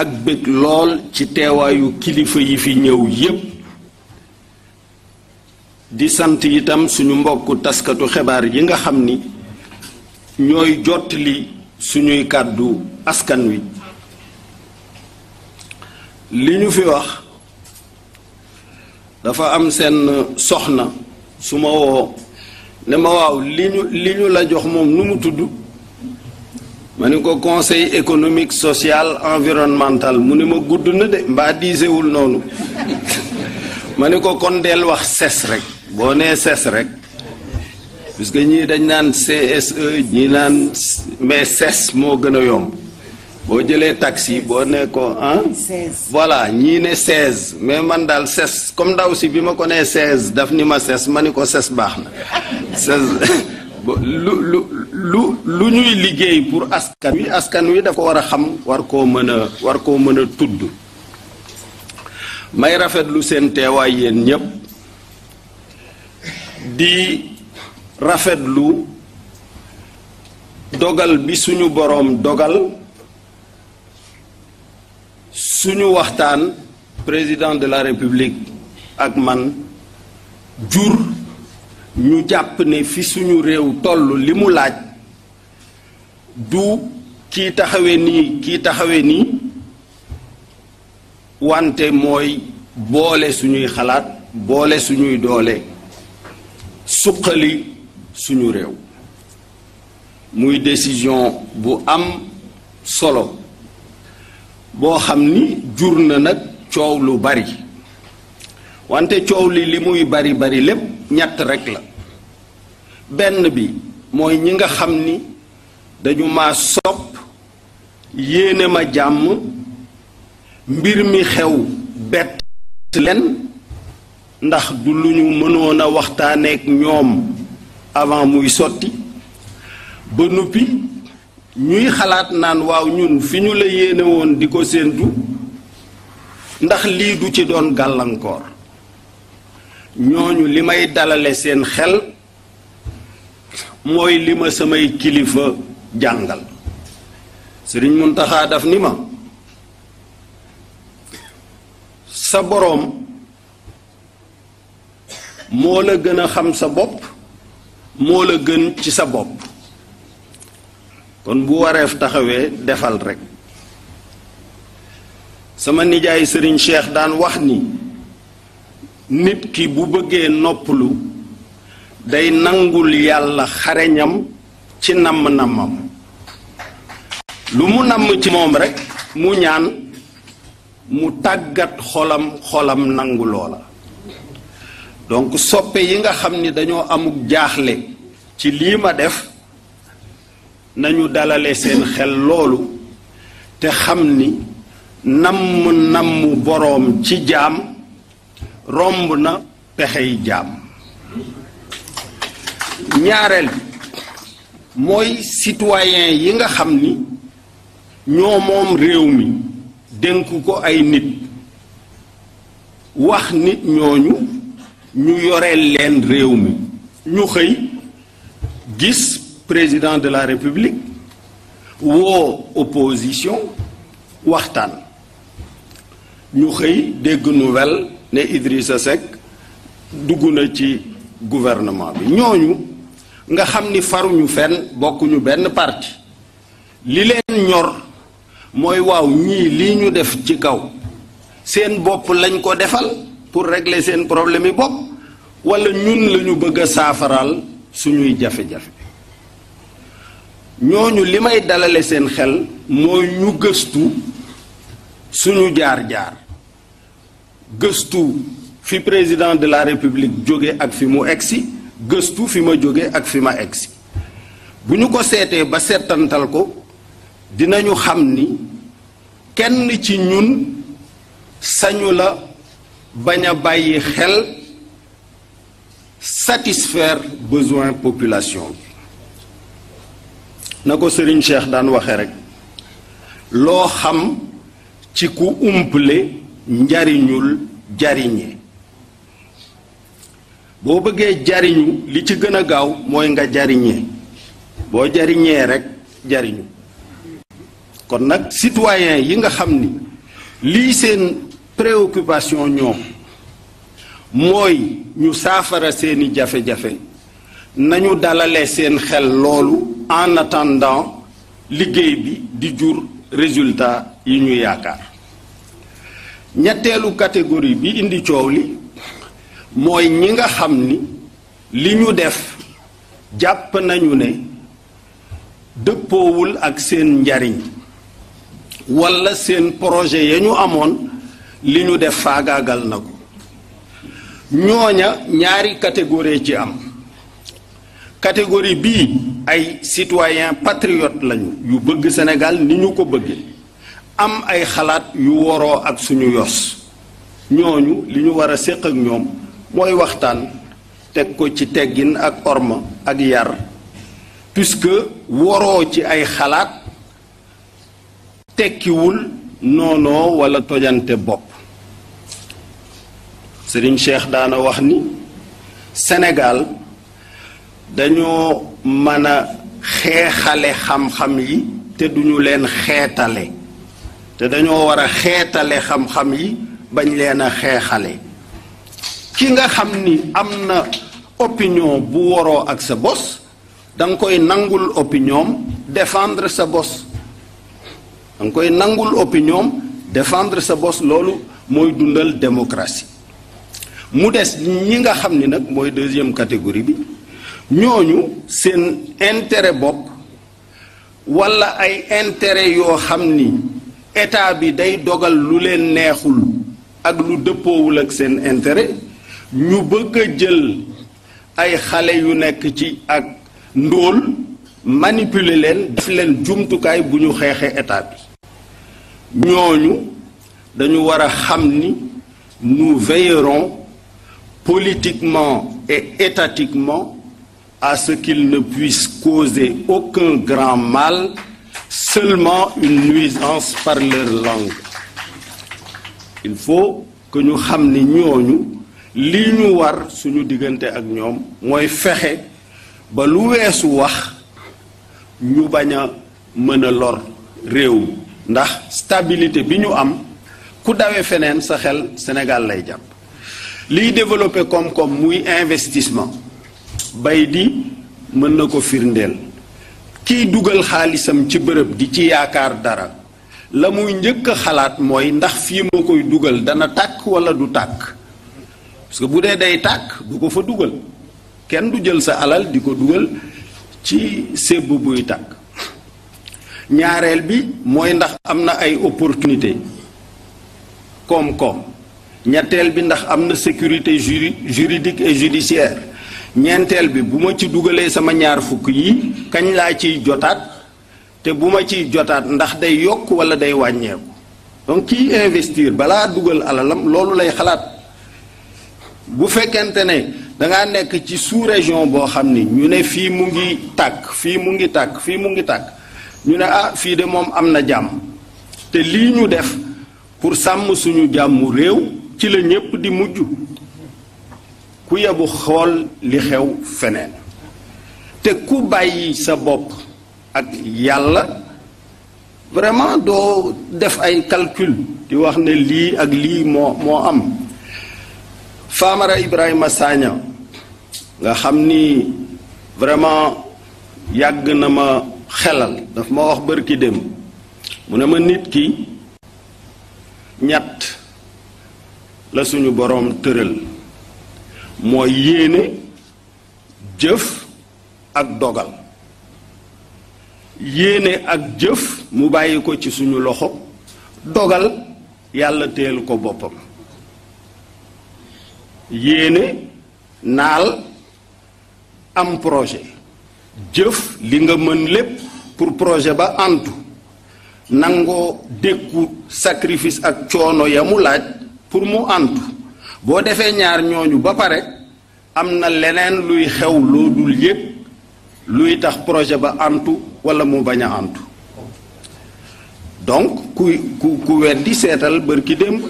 ak bëgg lool ci teewaayu kilifa yi fi ñëw yépp di sant itam suñu mbokk taskatu xibaar yi nga xam ni ñooy jottali suñuy kàddu askan wi li ñu fi wax dafa am seen soxna su ma woo ne ma waaw li ñu li la jox moom nu mu tudd ma ne ko conseil économique social environnemental mu ne ma gudd na de mbaa diisewul noonu ma ne ko kon del wax ses rek boo nee ses rek puisque ñii dañ naan CSE ñi naan mais ses moo gën a yomb boo jëlee taxi boo ne ko ah. voilà ñii ne seize mais man daal ses comme ndaw si bi ma ko nee seize daf ni ma ses ma ne ko ses baax na lu lu lu lu ñuy liggéey pour askan wi askan wi daf ko war a xam war koo mën a war koo mën a tudd may rafet lu seen teewaay yéen ñépp di rafet lu dogal bi suñu boroom dogal suñu waxtaan président de la république ak man jur ñu jàpp ni fi suñu réew toll li mu laaj du kii taxawee nii kii taxawee nii wante mooy boole suñuy xalaat boole suñuy doole suqali suñu réew muy décision bu am solo boo xam ni jur na nag coow lu bari wante coow li li muy bari bari lépp ñett rekk la benn bi mooy ñi nga xam ni dañu ma sopp yéene ma jàmm mbir mi xew bett leen ndax du lu ñu mënoon waxtaaneek ñoom avant muy sotti ba nuppi ñuy xalaat naan waaw ñun fi ñu la yéenewoon di ko séentu ndax lii du ci doon gàllankoor ñooñu li may dalale seen xel mooy li ma samay kilifa jàngal sëriñ taxaa daf ni ma sa boroom moo la gën a xam sa bopp moo la gën ci sa bopp kon bu wareef taxawee defal rekk sama nijaay sëriñ Cheikh daan wax ni nit ki bu bëggee noppalu day nangul yàlla xareñam ci namm-nammam lu mu namm ci moom rekk mu ñaan mu tàggat xolam xolam nangu loola donc soppe yi nga xam ni dañoo amuk jaaxle ci lii ma def nañu dalale seen xel loolu te xam ni namm namm boroom ci jaam romb na pexey jaam ñaareel mooy citoyen yi nga xam ni ñoo moom réew mi dénk ko ay nit wax nit ñooñu ñu yoreel leen réew mi ñu xëy gis président de la république woo opposition waxtaan ñu xëy dégg nouvelle ne Idrissa Seck dugg na ci gouvernement bi ñooñu nga xam ni faruñu fenn bokkuñu benn parti li leen ñor mooy waaw ñii lii ñu def ci kaw seen bopp lañ ko defal pour régler seen problème yi bopp wala ñun lañu ñu bëgg a saafaraal suñuy jafe-jafe ñooñu li may dalale seen xel mooy ñu gëstu suñu jaar-jaar gëstu fi président de la république jóge ak fi mu egsi gëstu fi ma jóge ak fi ma egsi bu ñu ko seetee ba seetantal ko dinañu xam ni kenn ci ñun sañu la bañ a bàyyi xel satisfaire besoin population bi na ko sëriñ Cheikh daan waxe rek loo xam ci ku umple njariñul jariñe boo bëggee jariñu li ci gën a gaaw mooy nga jariñee boo jariñee rek jariñu kon nag citoyen yi nga xam ni lii seen préoccupation ñoom mooy ñu saafara seeni jafe-jafe nañu dalale seen xel loolu en attendant liggéey bi di jur résultat yi ñu yaakaar ñetteelu catégorie bi indi coow li mooy ñi nga xam ni li ñu def jàpp nañu ne dëppoowul ak seen njariñ walla seen projet ya ñu amoon li ñu def faagaagal na ko ñooña ñaari catégorie ci am catégorie bii ay citoyens patriotes lañu yu bëgg Sénégal ni ñu ko bëggee am ay xalaat yu woroo ak suñu yos ñooñu li ñu war a séq ak ñoom mooy waxtaan teg ko ci teggin ak orma ak yar puisque woroo ci ay xalaat tekkiwul noonoo wala tojante bopp Serigne Cheikh daana wax ni Sénégal dañoo mën a xeexale xam-xam yi te duñu leen xeetale te dañoo war a xeetale xam-xam yi bañ leen a xeexale ki nga xam ni am na opinion bu woroo ak sa bos danga koy nangul opinion défendre sa bos danga koy nangul opinion defendre sa bos loolu mooy dundal démocratie mu des ñi nga xam ni nag mooy deuxième catégorie bi ñooñu seen intérêt bokk walla ay intérêt yoo xam ni état bi day dogal lu leen neexul ak lu dëppoowul ak seen intérêt ñu bëgg jël ay xale yu nekk ci ak ndóol manipuler leen def leen jumtukaay bu ñu xeexee état bi ñooñu dañu war a xam ni nous veillerons politiquement et étatiquement à ce qu'il ne puisse causer aucun grand mal, seulement une nuisance par leur langue. Il faut que ñu xam ni ñooñu li ñu war suñu diggante ak ñoom mooy fexe ba lu weesu wax ñu bañ a mën a lor réew ndax stabilité bi ñu am ku dawee feneen sa xel Sénégal lay jàpp liy développé koom-koom muy investissement bay di mën na ko firndeel kiy dugal xaalisam ci bërëb di ci yaakaar dara la muy njëkk a xalaat mooy ndax fii ma koy dugal dana tàkk walla du tàkk parce que bu dee day tàkk du ko fa dugal kenn du jël sa alal di ko dugal ci sébb buy tàkk ñaareel bi mooy ndax am na ay opportunité koom-koom ñetteel bi ndax am na sécurité juridique et judiciaire ñeenteel bi bu ma ci dugalee sama ñaar fukk yi kañ laa ciy jotaat te bu ma ciy jotaat ndax day yokk wala day wàññeeku donc kiy investir balaa dugal alalam loolu lay xalaat bu fekkente ne dangaa nekk ci sous région boo xam ni ñu ne fii mu ngi tàkk fii mu ngi tàkk fii mu ngi tàkk ñu ne ah fii de moom am na jàmm te lii ñu def pour sàmm suñu jàmmu réew ci la ñépp di mujj ku yebu xool li xew feneen te ku bàyyi sa bopp ak yàlla vraiment doo def ay calcul di wax ne lii ak lii moo moo am Famara Ibrahima Sagna nga xam ni vraiment yàgg na ma xelal daf ma wax bërki dem mu ne ma nit ki ñett la suñu boroom tëral mooy yéene jëf ak dogal yéene ak jëf mu bàyyi ko ci suñu loxo dogal yàlla teelu ko boppam yéene naal am projet jëf li nga mën lépp pour projet ba antu nangoo dékku sacrifice ak coono ya mu laaj pour mu antu boo defee ñaar ñooñu ba pare am na leneen luy xew loo dul yëg luy tax projet ba antu wala mu bañ a antu donc ku ku ku di seetal bërki démb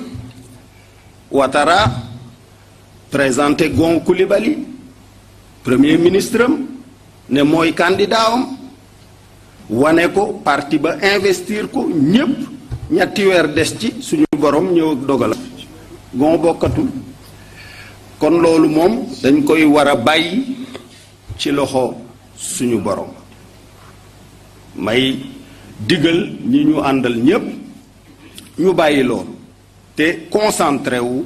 watara présenté Gon libali premier ministre am ne mooy candidat wane ko parti ba investir ko ñépp ñetti weer des ci suñu borom ñëw ak dogal gon bokkatu kon loolu moom dañ koy war a bàyyi ci loxo suñu borom may digal ñi ñu àndal ñépp ñu bàyyi loolu te concentré wu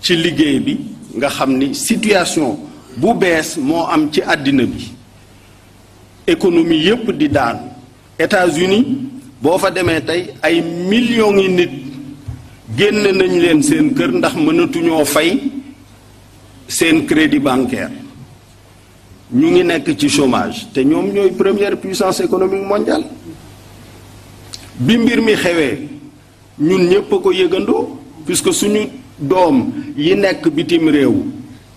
ci liggéey bi nga xam ni situation bu bees moo am ci àddina bi économie yépp di daanu États-Unis boo fa demee tey ay millions yi nit génne nañ leen seen kër ndax mënatuñoo fay seen crédit bancaire ñu ngi nekk ci chômage te ñoom ñooy première puissance économique mondiale bi mbir mi xewee ñun ñépp a ko yëgandoo puisque suñu doom yi nekk bitim réew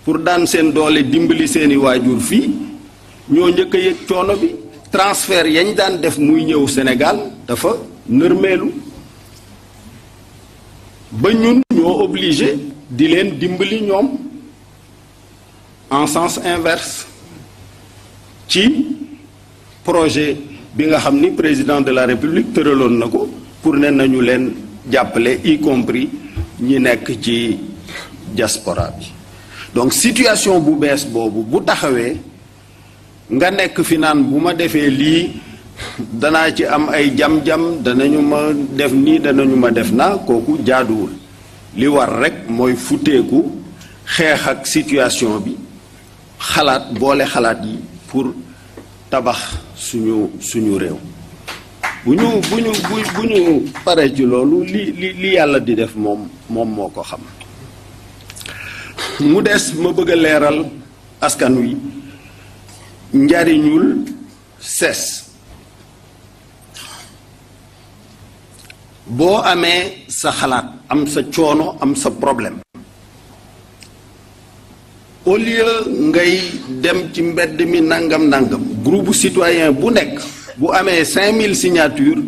pour daan seen doole dimbali seeni waajur fii ñoo njëkk a yëg coono bi transfert yañ daan def muy ñëw Sénégal dafa nërmeelu ba ñun ñoo obligé di leen dimbali ñoom en sens inverse ci projet bi nga xam ni président de la république tëraloon na ko pour ne nañu leen jàppale y compris ñi nekk ci diaspora bi donc situation bu bees boobu bu taxawee nga nekk fi naan bu ma defee lii danaa ci am ay jam-jam danañu ma def nii ñu ma def naa kooku jaaduwul li war rekk mooy futeeku xeex ak situation bi xalaat boole xalaat yi pour tabax suñu suñu réew bu ñu bu ñu bu ñu paree ci loolu li li li yàlla di def moom moom moo ko xam mu des ma bëgg a leeral askan wi njariñul ses boo amee sa xalaat am sa coono am sa problème au lieu ngay dem ci mbedd mi nangam nangam groupe citoyen bu nekk bu amee 5000 signature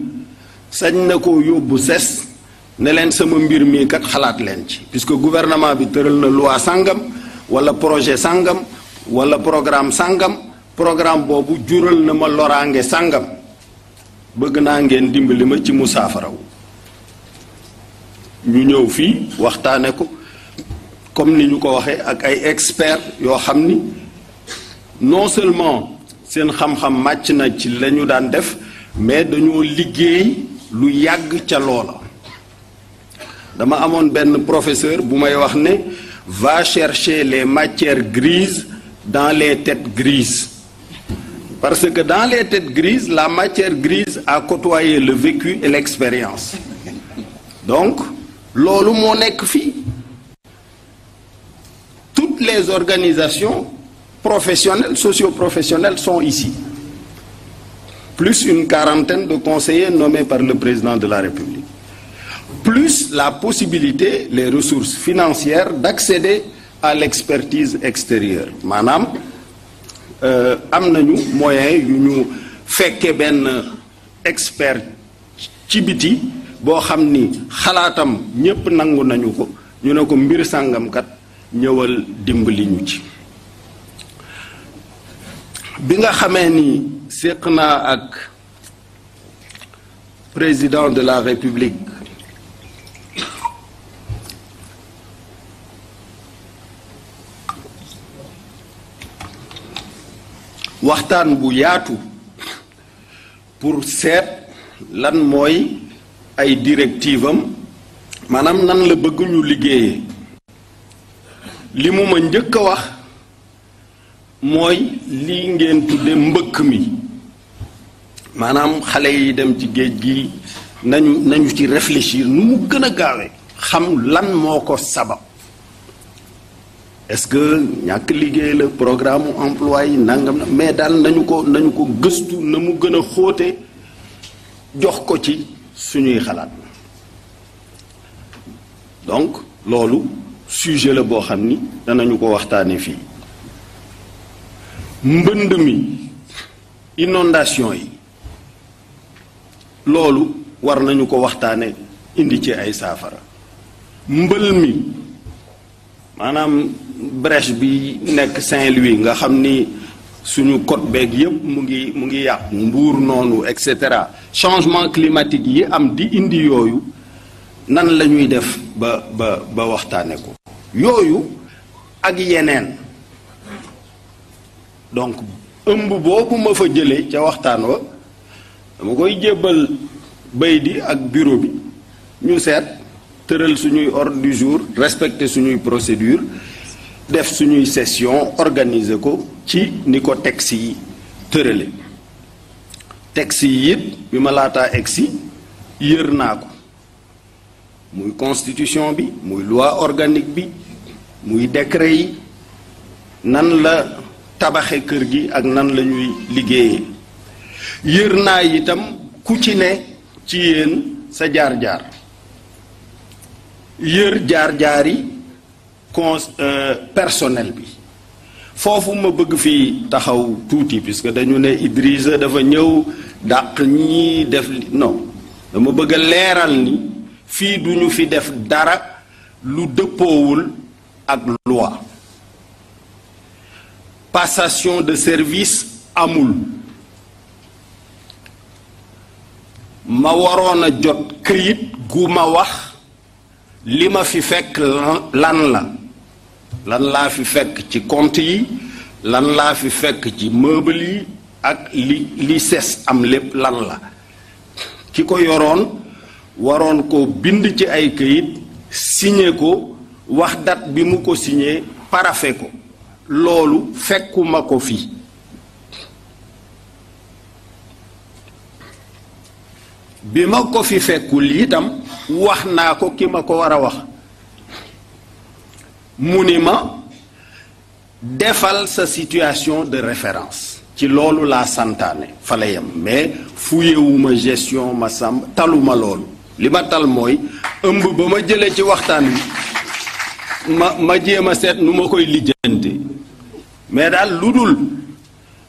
sañ na ko yóbbu ses ne leen sama mbir mii kat xalaat leen ci puisque gouvernement bi tëral na loi sàngam wala projet sàngam wala programme sàngam programme boobu jural na ma loraange sàngam bëgg naa ngeen dimbali ma ci mu saafaraw ñu ñëw fii waxtaane ko comme ni ñu ko waxee ak ay experts yoo xam ni non seulement seen xam-xam màcc na ci lañu daan def mais dañoo liggéey lu yàgg ca loola dama amoon benn professeur bu may wax ne va chercher les matières grises dans les têtes grises parce que dans les têtes grises la matière grise a côtoyé le vécu et l'expérience donc loolu moo nekk fi toutes les organisations professionnelles socio-professionnelles sont ici plus une quarantaine de conseillers nommés par le président de la République plus la possibilité les ressources financières d'accéder à l'expertise extérieure maanaam euh, am nañu moyen yu ñu fekke benn expert ci boo xam ni xalaatam ñépp nangu nañu ko ñu ne ko mbir sàngamkat ñëwal dimbali ñu ci bi nga xamee ni séq naa ak président de la république waxtaan bu yaatu pour seet lan mooy ay directive maanaam nan la bëgguñu ñu liggéeyee li mu ma njëkk a wax mooy lii ngeen tudde mbëkk mi maanaam xale yi dem ci géej gi nañu nañu ci réfléchir nu mu gën a gaawe xam lan moo ko sabab est-ce que ñàkk liggéey la programme emploi yi nangam na mais daal nañu ko nañu ko gëstu na mu gën a xóote jox ko ci suñuy xalaat donc loolu sujet la boo xam ni danañu ko waxtaane fii mbënd mi inondation yi loolu war nañu ko waxtaane indi ci ay saafara mbël mi maanaam brèche bi nekk Saint-Louis nga xam ni suñu côte beeg yëpp mu ngi mu ngi yàqu mbuur noonu et cetera changement climatique yi am di indi yooyu nan la ñuy def ba ba ba waxtaane ko yooyu ak yeneen donc ëmb boobu ma fa jëlee ca waxtaan wa dama koy jébbal bay di ak bureau bi ñu seet tëral suñuy ordre du jour respecter suñuy procédure def suñuy session organiser ko ci ni ko texte yi tërële texte yi it bi ma laataa egsi yër naa ko muy constitution bi muy loi organique bi muy décret yi nan la tabaxe kër gi ak nan la ñuy liggéeyee yër naa itam ku ci ne ci yéen sa jaar-jaar yër jaar-jaar yi con euh, personnel bi foofu ma bëgg fii taxaw tuuti puisque dañu ne Idrissa dafa ñëw dàq ñi def non dama bëgg a leeral ni fii du ñu fi def dara lu dëppoowul ak loi passation de service amul ma waroon a jot këyit gu ma wax li ma fi fekk lan la lan laa fi fekk ci compte yi lan laa fi fekk ci meuble yi ak li li ses am lépp lan la ki ko yoroon waroon ko bind ci ay këyit signé ko wax date bi mu ko siñee parafe ko loolu fekkuma ko fi bi ma ko fi fekkul itam wax naa ko ki ma ko war a wax mu ni ma defal sa situation de référence ci loolu laa santaane fa yam mais fuyewuma gestion ma sàmm taluma loolu li ma tal mooy ëmb ba ma jëlee ci waxtaan wi ma ma jéem a seet nu ma koy lijjante mais daal lu dul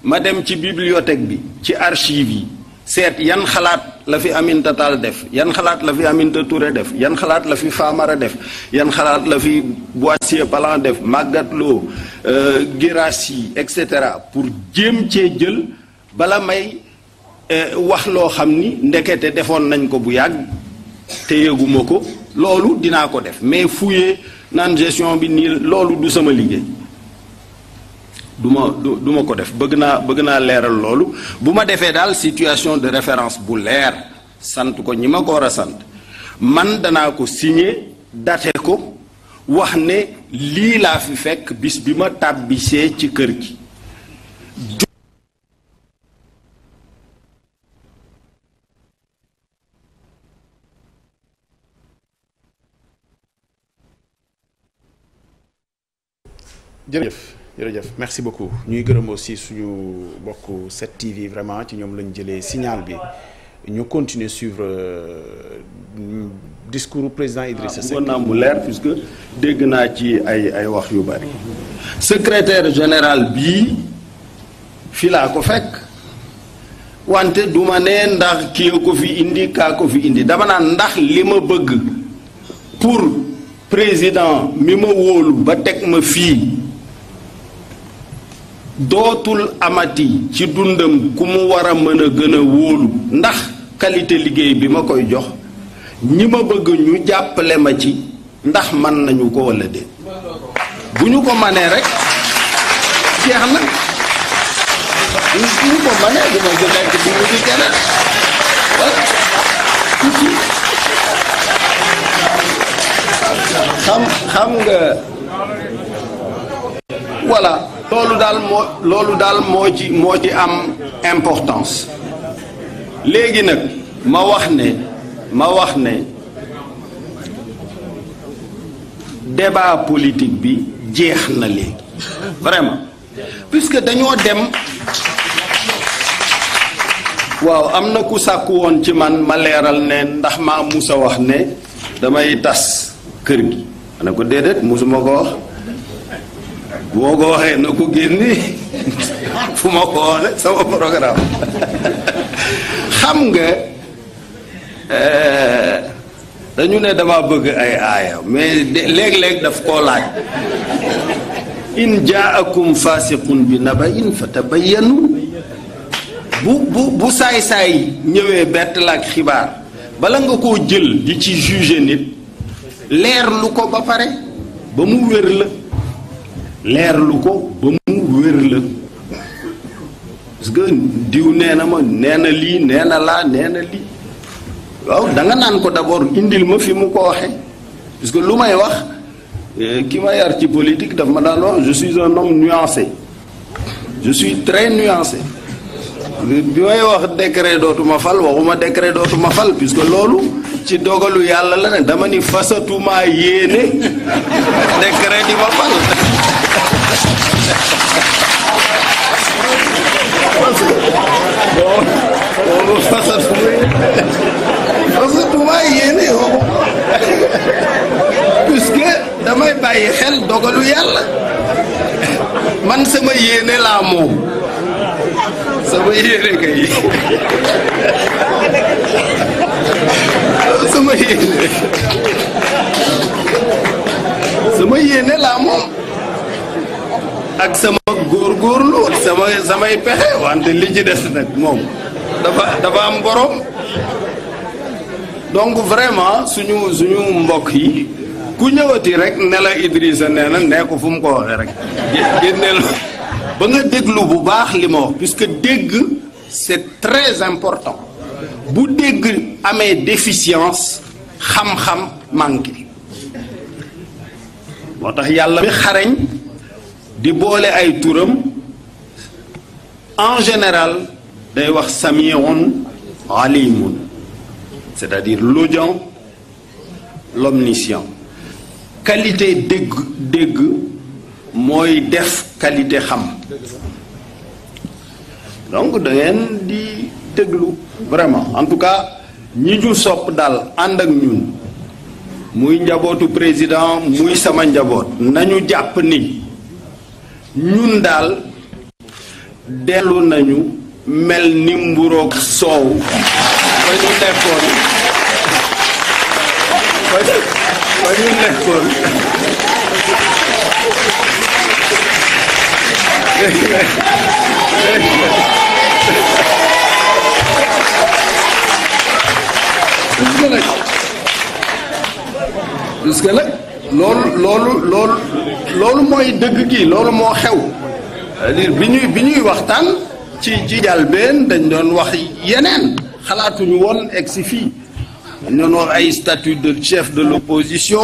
ma dem ci bibliothèque bi ci archive yi seet yan xalaat la fi Aminata Tall def yan xalaat la fi Aminata Touré def yan xalaat la fi Famara def yan xalaat la fi Boissier Palan def Magatte Lô euh, Guirassy et cetera pour jéem cee jël bala may euh, wax loo xam ni ndekete defoon nañ ko bu yàgg te yëguma ko loolu dinaa ko def mais fuuye naan gestion bi nii loolu du sama liggéey du du du ko def bëgg naa bëgg naa leeral loolu bu ma defee daal situation de référence bu leer sant ko ñi ma ko war a sant man danaa ko signé date ko wax ne lii laa fi fekk bis bi ma tàbbisee ci kër gi jërëjëf jërëjëf merci beaucoup ñuy gërëm aussi suñu mbokku 7TV vraiment ci ñoom lañu jëlee signal bi ñu continuer suivre euh, discours président Idrissa ah, Seck. naa mu leer puisque dégg naa ci ay ay wax yu bari. secretaire général bii fii laa ko fekk wante du ma ne ndax kii ko fi indi kaa ko fi indi dama naan ndax li ma bëgg pour président mi ma wóolu ba teg ma fii. dootul amati ci dundam ku mu war a mën a gën a wóolu ndax qualité liggéey bi ma koy jox ñi ma bëgg ñu jàppale ma ci ndax man nañu ko wala déet bu ñu ko manee rekk jeex na bu ñu ko manee dama ko nekk di wuti keneen xam xam nga voilà loolu daal moo loolu daal moo ci moo ci am importance léegi nag ma wax ne ma wax ne débat politique bi jeex na léegi vraiment puisque dañoo dem waaw am na ku sàkku woon ci man ma leeral ne ndax maa musa wax ne damay tas kër gi ma ne ko déedéet musuma ko wax boo ko waxee na ko génne fu ma ko woone sama programme xam nga eh, dañu ne dama bëgg ay aaya mais léeg-léeg daf koo laaj in jaakum fasiqun bi nabain fa yenu bu bu bu saay-saay ñëwee bett la ak xibaar bala nga koo jël di ci juger nit leer lu ko ba pare ba mu wér la leerlu ko ba mu wér parce que diw nee na ma nee na lii nee na laa nee na lii waaw da naan ko d'abord indil ma fi mu ko waxee parce que lu may wax eh, ki ma yar ci politique daf ma daan wax je suis un homme nuancé je suis très nuancé bi may wax décret dootuma fal waxuma décret dootuma fal puisque loolu ci dogalu yàlla la ne dama ni fasatuma yéene décret di ma fal boobu fasatuma fasatuma yéene yow oh damay bàyyi xel dogalu yàlla man sama yéene laa moom sama yéene kay sama yéene sama yéene laa moom ak sama góorgóorlu ak sama samay pexe wante li ci des nag moom dafa dafa am borom donc vraiment suñu suñu mbokk yi ku ñëwati rek ne la Idrissa nee na nee ko fu mu ko waxee rek ba nga déglu bu baax li ma wax puisque dégg c'est très important bu dégg amee déficience xam-xam manqué moo tax yàlla mi xarañ di boole ay turam en général day wax samiun alimun c'est-à-dire l'audient l'omniscient qualité dégg dégg mooy def qualité xam donc da di déglu vraiment en tout cas ñi ñu sopp daal ànd ak ñun muy njabootu président muy sama njaboot nañu jàpp ni ñun daal dellu nañu mel ni mburoog soow ba ñu nekkoon gis nga loolu loolu loolu loolu mooy dëgg gi loolu moo xew bi ñuy bi waxtaan ci ci jàlbeen dañ doon wax yeneen xalaatuñu woon egg si fii dañ doon wax ay statut de chef de l'opposition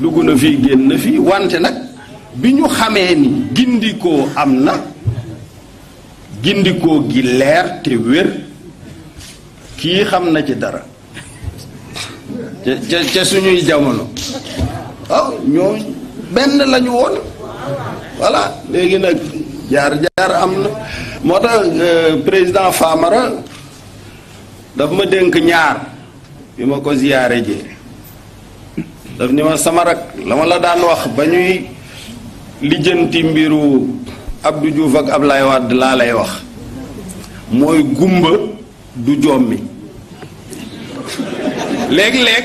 dugg na fi génn na fii wante nag bi ñu xamee ni gindikoo am na gindikoo gi leer te wér kii xam na ci dara ca ca suñuy jamono waaw ñoom benn la woon voilà léegi nag jaar-jaar am na moo tax euh, président Famara daf ma dénk ñaar bi ma ko ziyaare jee daf ni ma sama rak la ma la daan wax ba ñuy lijjanti mbiru Abdou Diouf ak Ablaye Wade laa lay wax mooy gumba du jommi léeg-léeg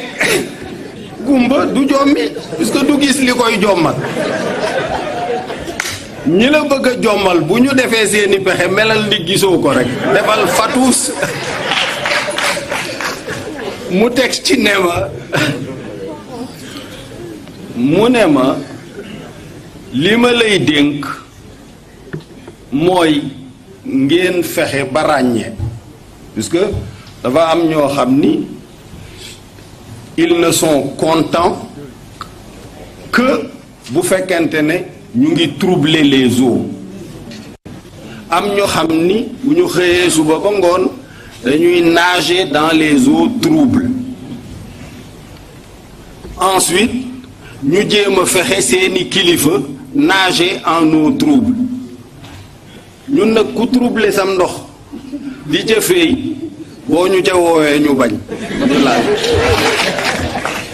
gumba du jommi puisque du gis li koy jommal ñi la bëgg a jommal bu ñu defee seeni pexe melal di gisoo ko rek defal fatuus mu teg ci ne ma mu ne ma li ma lay dénk mooy ngeen fexe ba ràññee puisque dafa am ñoo xam ni ils son sont que bu fekkente ne ñu ngi troubler les eaux am ñu xam ni bu ñu xëyee suba ba ngoon dañuy nage dans les eaux troubles ensuite ñu jéem a fexe seeni kilifa nager en eau trouble ñun nag ku troubler sam ndox di jëfee boo ñu ca woowee ñu bañ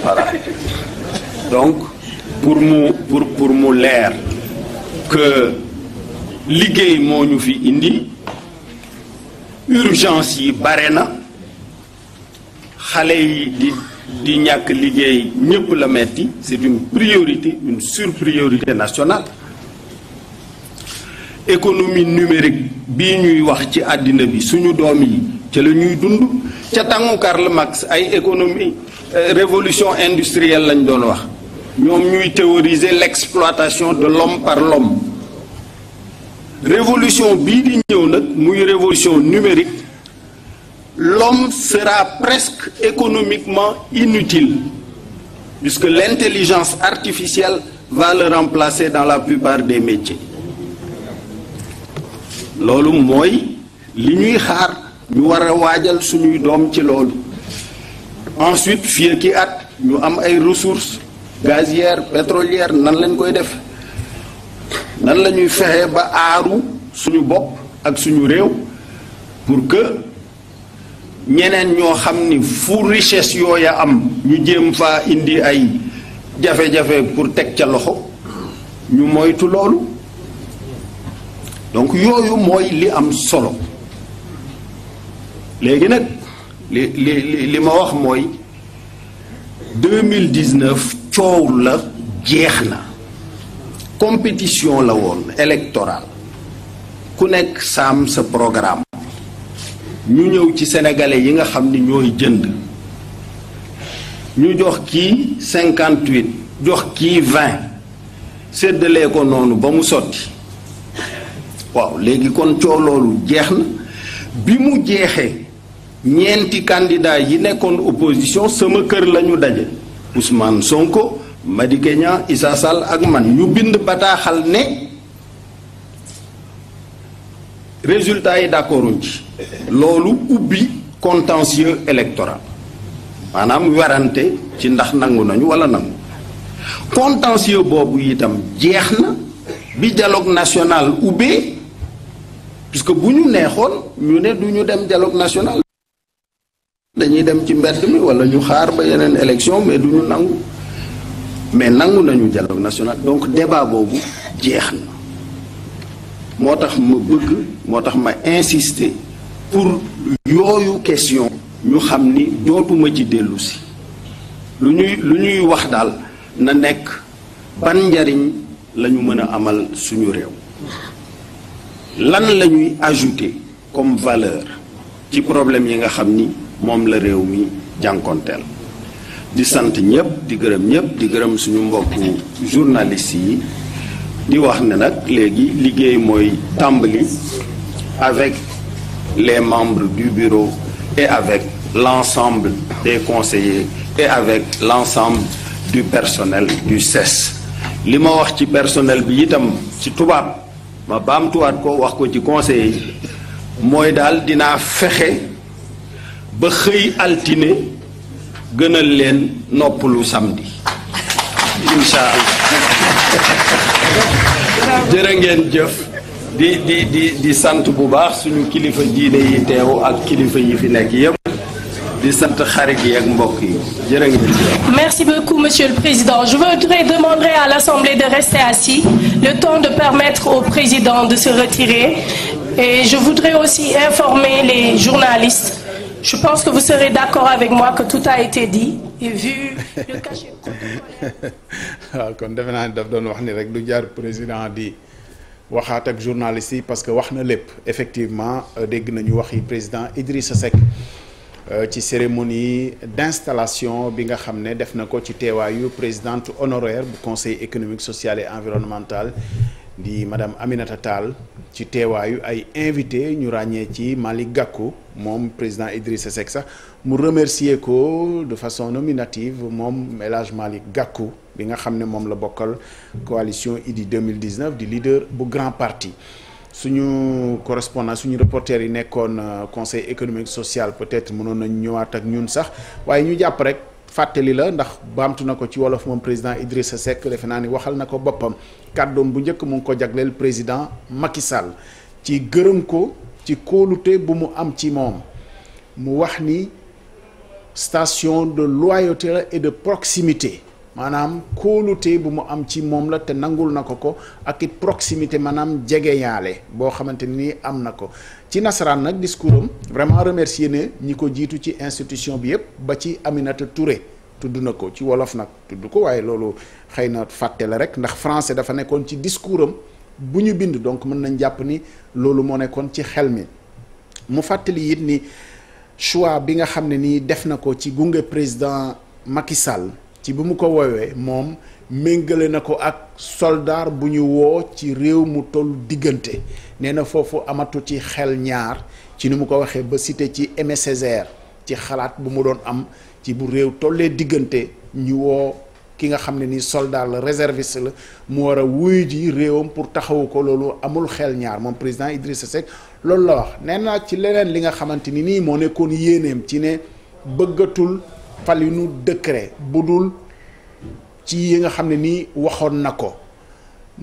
safara donc pour mu pour pour mu leer que liggéey moo ñu fi indi urgence yi bare na xale yi di di ñàkk liggéey ñëpp la metti c'est une priorité une surpriorité nationale économie numérique bii ñuy wax ci àddina bi suñu doom yi ca la dund ca tàngu Karl max ay économie euh, révolution industrielle lañ doon wax ñoom ñuy théoriser l'exploitation de l'homme par l'homme révolution bii di ñëw nag muy révolution numérique l'homme sera presque économiquement inutile puisque l'intelligence artificielle va le remplacer dans la plupart des métiers loolu mooy li ñuy xaar ñu war a waajal suñuy doom ci loolu ensuite fii ak at ñu am ay ressources gazières pétrolières nan lañ koy def nan la ñuy fexe ba aaru suñu bopp ak suñu réew pour que ñeneen ñoo xam ni fu richesse yooya am ñu jéem fa indi ay jafe-jafe pour teg ca loxo ñu moytu loolu donc yooyu mooy li am solo léegi nag li li li ma wax mooy 2019 coow la jeex na compétition la woon électorale ku nekk saam sa programme ñu ñëw ci sénégalais yi nga xam ni ñooy jënd ñu jox kii 58 jox kii 20 séddalee ko noonu ba mu sotti waaw léegi kon coow loolu jeex na bi mu jeexee ñeenti candidat yi nekkoon opposition sama kër lañu daje Ousmane Sonko Madické Niang Sall ak man ñu bind bataaxal ne résultat yi d'accorduñ ci loolu ubbi contentieux électoral maanaam werante ci ndax nangu nañu wala nangu contentieux boobu itam jeex na bi dialogue national ubbee puisque bu ñu neexoon ñu ne du ñu dem dialogue national dañuy dem ci mbedd mi wala ñu xaar ba yeneen élection mais du ñu nangu mais nangu nañu dialogue national donc débat boobu jeex na moo tax ma bëgg moo tax ma insister pour yooyu question ñu xam ni dootuma ci dellu si lu ñuy lu ñuy wax daal na nekk ban njariñ la ñu mën a amal suñu réew lan la ñuy ajouter comme valeur ci problème yi nga xam ni moom la réew mi jànkonteel di sant ñëpp di gërëm ñëpp di gërëm suñu mbokku journaliste yi di wax ne nag léegi liggéey mooy tàmbali avec les membres du bureau et avec l'ensemble des conseillers et avec l'ensemble du personnel du CES li ma wax ci personnel bi itam ci tubaab ma baamtuwaat ko wax ko ci conseillers mooy daal dinaa fexe ba xëy altine gënal leen noppalu samedi insha allah jërë ngeen jëf di di sant bu baax suñu kilifa diine yi teew ak kilifa yi fi nekk yépp di sant xarit yi ak mbokk yi jërë ngeen jëf merci beaucoup monsieur le président je voudrais demander à l'assemblée de rester assis le temps de permettre au président de se retirer et je voudrais aussi informer les journalistes Je pense que vous serez d'accord avec moi que tout a été dit waaw kon defe naa ne daf doon wax ni rek du jaar président di waxaat ak journaliste yi parce que wax na lépp effectivement euh, dégg nañu wax yi président Idrissa sosec euh, ci cérémonie d'installation bi nga xam ne def na ko ci teewaayu présidente honoraire bu conseil économique social et environnemental. di madame Aminata Tall ci teewaayu ay invité ñu ràññee ci Malick gàkku moom président Idrissa Seck sax mu remercier ko de façon nominative moom El Hadj gàkku bi nga xam ne moom la bokkal coalition Idy 2019 di leader bu grand parti suñu correspondant suñu reporter yi nekkoon euh, conseil économique social peut-être mënoon nañ ñëwaat ak ñun sax waaye ñu jàpp rek fàttali la ndax baamtu na ko ci wolof moom président sa Seck defe naa ni waxal na ko boppam kàddoom bu njëkk mu ngi ko jagleel président Macky Sall ci gërëm ko ci kóolute bu mu am ci moom mu wax ni station de loyauté la et de proximité maanaam kóolute bu mu am ci moom la te nangul na ko ko ak it proximité maanaam jegeyaale boo xamante ni am na ko ci nasaraan nag discours am vraiment remercier ne ñi ko jiitu ci institution bi yëpp ba ci Aminata Touré tudd na ko ci wolof nag tudd ko waaye loolu xëy na fàtte la rek ndax français dafa nekkoon ci discours am bu ñu bind donc mën nañ jàpp ni loolu moo nekkoon ci xel mi mu fàttali it ni choix bi nga xam ne nii def na ko ci gunge président Macky Sall ci bi mu ko woowee moom. méngale na ko ak soldaar bu ñu woo ci réew mu toll diggante nee na foofu amatu ci xel ñaar ci ni mu ko waxee ba cité ci Aimé ci xalaat bu mu doon am ci bu réew tollee diggante ñu woo ki nga xam ne ni soldat la réservice la mu war a wuyu ji réewam pour taxawu ko loolu amul xel ñaar moom président Idrissa Seck loolu la wax nee naa ci leneen li nga xamante ni nii moo nekkoon yéeneem ci ne bëggatul falinu décret bu dul ci yi nga xam ne nii waxoon na ko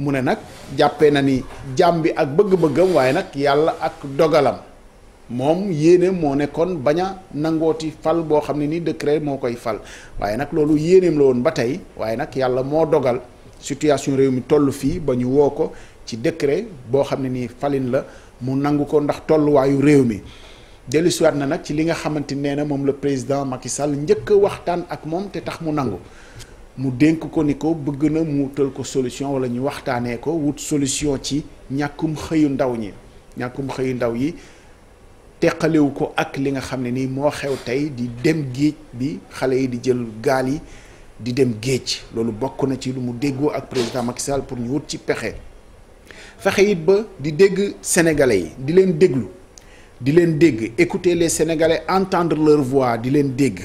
mu ne nag jàppe na ni jàmm bi ak bëgg-bëggam waaye nag yàlla ak dogalam moom yéene moo nekkoon bañ a nangooti fal boo xam ne nii décret moo koy fal waaye nag loolu yéeneem la woon ba tey waaye nag yàlla moo dogal situation réew mi toll fii ba ñu woo ko ci décret boo xam ne nii falin la mu nangu ko ndax tolluwaayu réew mi dellusiwaat na nag ci li nga xamante nee na moom la président Macky Sall njëkk waxtaan ak moom te tax mu nangu mu dénk ko ni ko bëgg na mu wutal ko solution wala ñu waxtaanee ko wut solution ci ñàkkum xëyu ndaw ñi ñàkkum xëyu ndaw yi teqalewu ko ak li nga xam ne nii moo xew tey di dem géej bi xale yi di jël gaal yi di dem géej loolu bokk na ci lu mu déggoo ak président Macky Sall pour ñu wut ci pexe fexe it ba di dégg sénégalais yi di leen déglu di leen dégg écouter les sénégalais entendre leur voix di leen dégg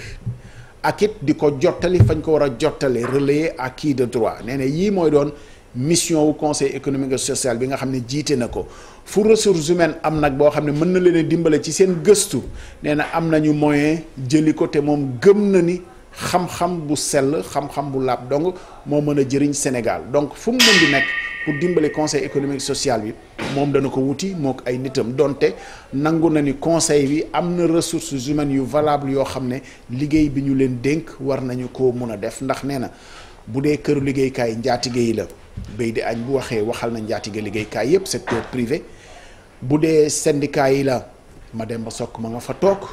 ak it di ko jottali fañ ko war a jottale relayer à qui de droit nee na yii mooy doon mission wu conseil économique et social bi nga xam ne jiite na ko fu ressources humaines am nag boo xam ne mën na leen dimbale ci seen gëstu nee na am nañu moyen jëli ko te moom gëm na ni xam-xam bu sell xam-xam bu laab donc moo mën a jëriñ Sénégal donc fu mu mën di nekk. pour dimbale conseil économique social bi moom dana ko wuti mook ay nitam donte nangu na ni conseil bi am na ressources humaines yu valable yoo xam ne liggéey bi ñu leen dénk war nañu ko mun a def ndax nee na bu dee këru liggéeykaay njaatige yi la béy di añ bu waxee waxal na njaatige liggéeykaay yépp secteur privé bu dee syndicat yi la ma dem ba sokk ma nga fa toog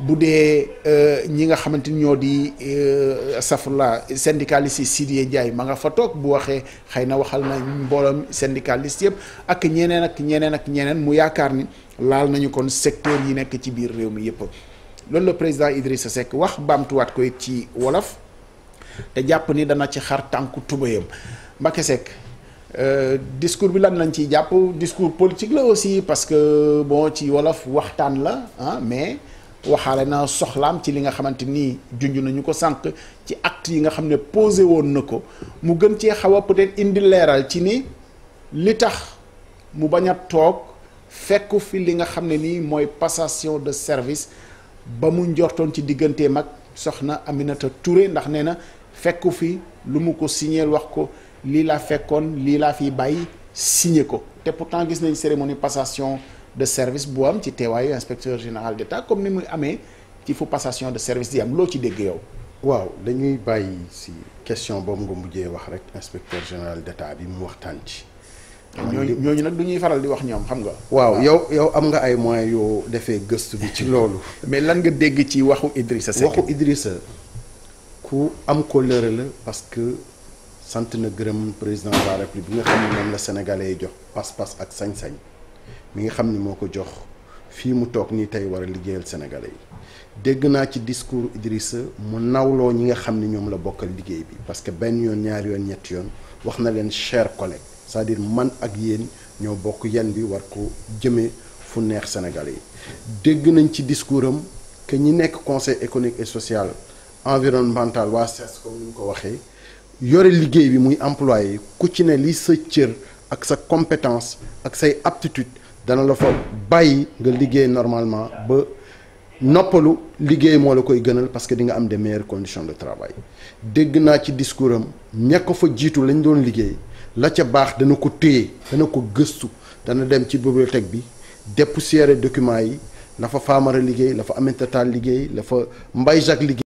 bu dee euh, ñi nga xamante ni ñoo di euh, safrla syndicaliste yi Sidie Ndiaye ma nga fa toog bu waxee xëy na waxal na mbooloom syndicaliste yëpp ak ñeneen ak ñeneen ak ñeneen mu yaakaar ni laal nañu kon secteur yi nekk ci biir réew mi yëpp loolu la président Idrissa Seck wax baamtuwaat ko it ci wolof te jàpp ni dana ci xar tànku tubayam Mbacké Seck Euh, discours bi lan nañ ci jàpp discours politique la aussi parce que bon ci wolof waxtaan la ah mais waxaale naa soxlaam ci li nga xamante nii junj nañu ko sànq ci acte yi nga xam ne posé woon na ko mu gën cee xaw a peut indi leeral ci ni li tax mu bañ a toog fekku fi li nga xam ne nii mooy passation de service ba mu njortoon ci digganteem mag soxna Aminata Touré ndax nee na fekku fi lu mu ko signeel wax ko lii laa fekkoon lii laa fi bàyyi signé ko te pourtant gis nañ cérémonie passation de service bu am ci teewaayu inspecteur général d'État comme ni muy amee ci fu passation de service di am loo ci dégg yow. waaw dañuy bàyyi si question boobu nga mujjee wax rek inspecteur général d'État bi mu waxtaan ci. ñooñu ñooñu nag du ñuy faral di wax ñoom xam nga. waaw yow yow am nga ay moyens yoo defee gëstu bi ci loolu. mais lan nga dégg ci waxu Idrissa Seck. waxu ku am colère la parce que. sant na gërëm président de la république bi nga xam ne moom la sénégalais yi jox pass pass ak sañ-sañ. mi nga xam ni moo ko jox fii mu toog nii tey war a liggéeyal Sénégalais yi dégg naa ci discours Idrissa mu nawloo ñi nga xam ni ñoom la bokkal liggéey bi parce que benn yoon ñaari yoon ñett yoon wax na leen cher collègue sa à man ak yéen ñoo bokk yan bi war ko jëmee fu neex Sénégalais yi dégg nañ ci discours am que ñi nekk conseil économique et sociale environnemental waa CES ko e ni ñu ko waxee yore liggéey bi muy employé ku ci ne li sa cër ak sa compétence ak say aptitude dana la fa bàyyi nga liggéey normalement ba noppalu liggéey moo la koy gënal parce que di nga am des meilleures conditions de travail dégg naa ci discours am ñekk ko fa jiitu lañ doon liggéey la ca baax dana ko téye dana ko gëstu dana dem ci bibliothèque bi dépoussiérer documents yi la fa Famara liggéey la fa Aminata liggéey la fa Mbaye Jacques liggéey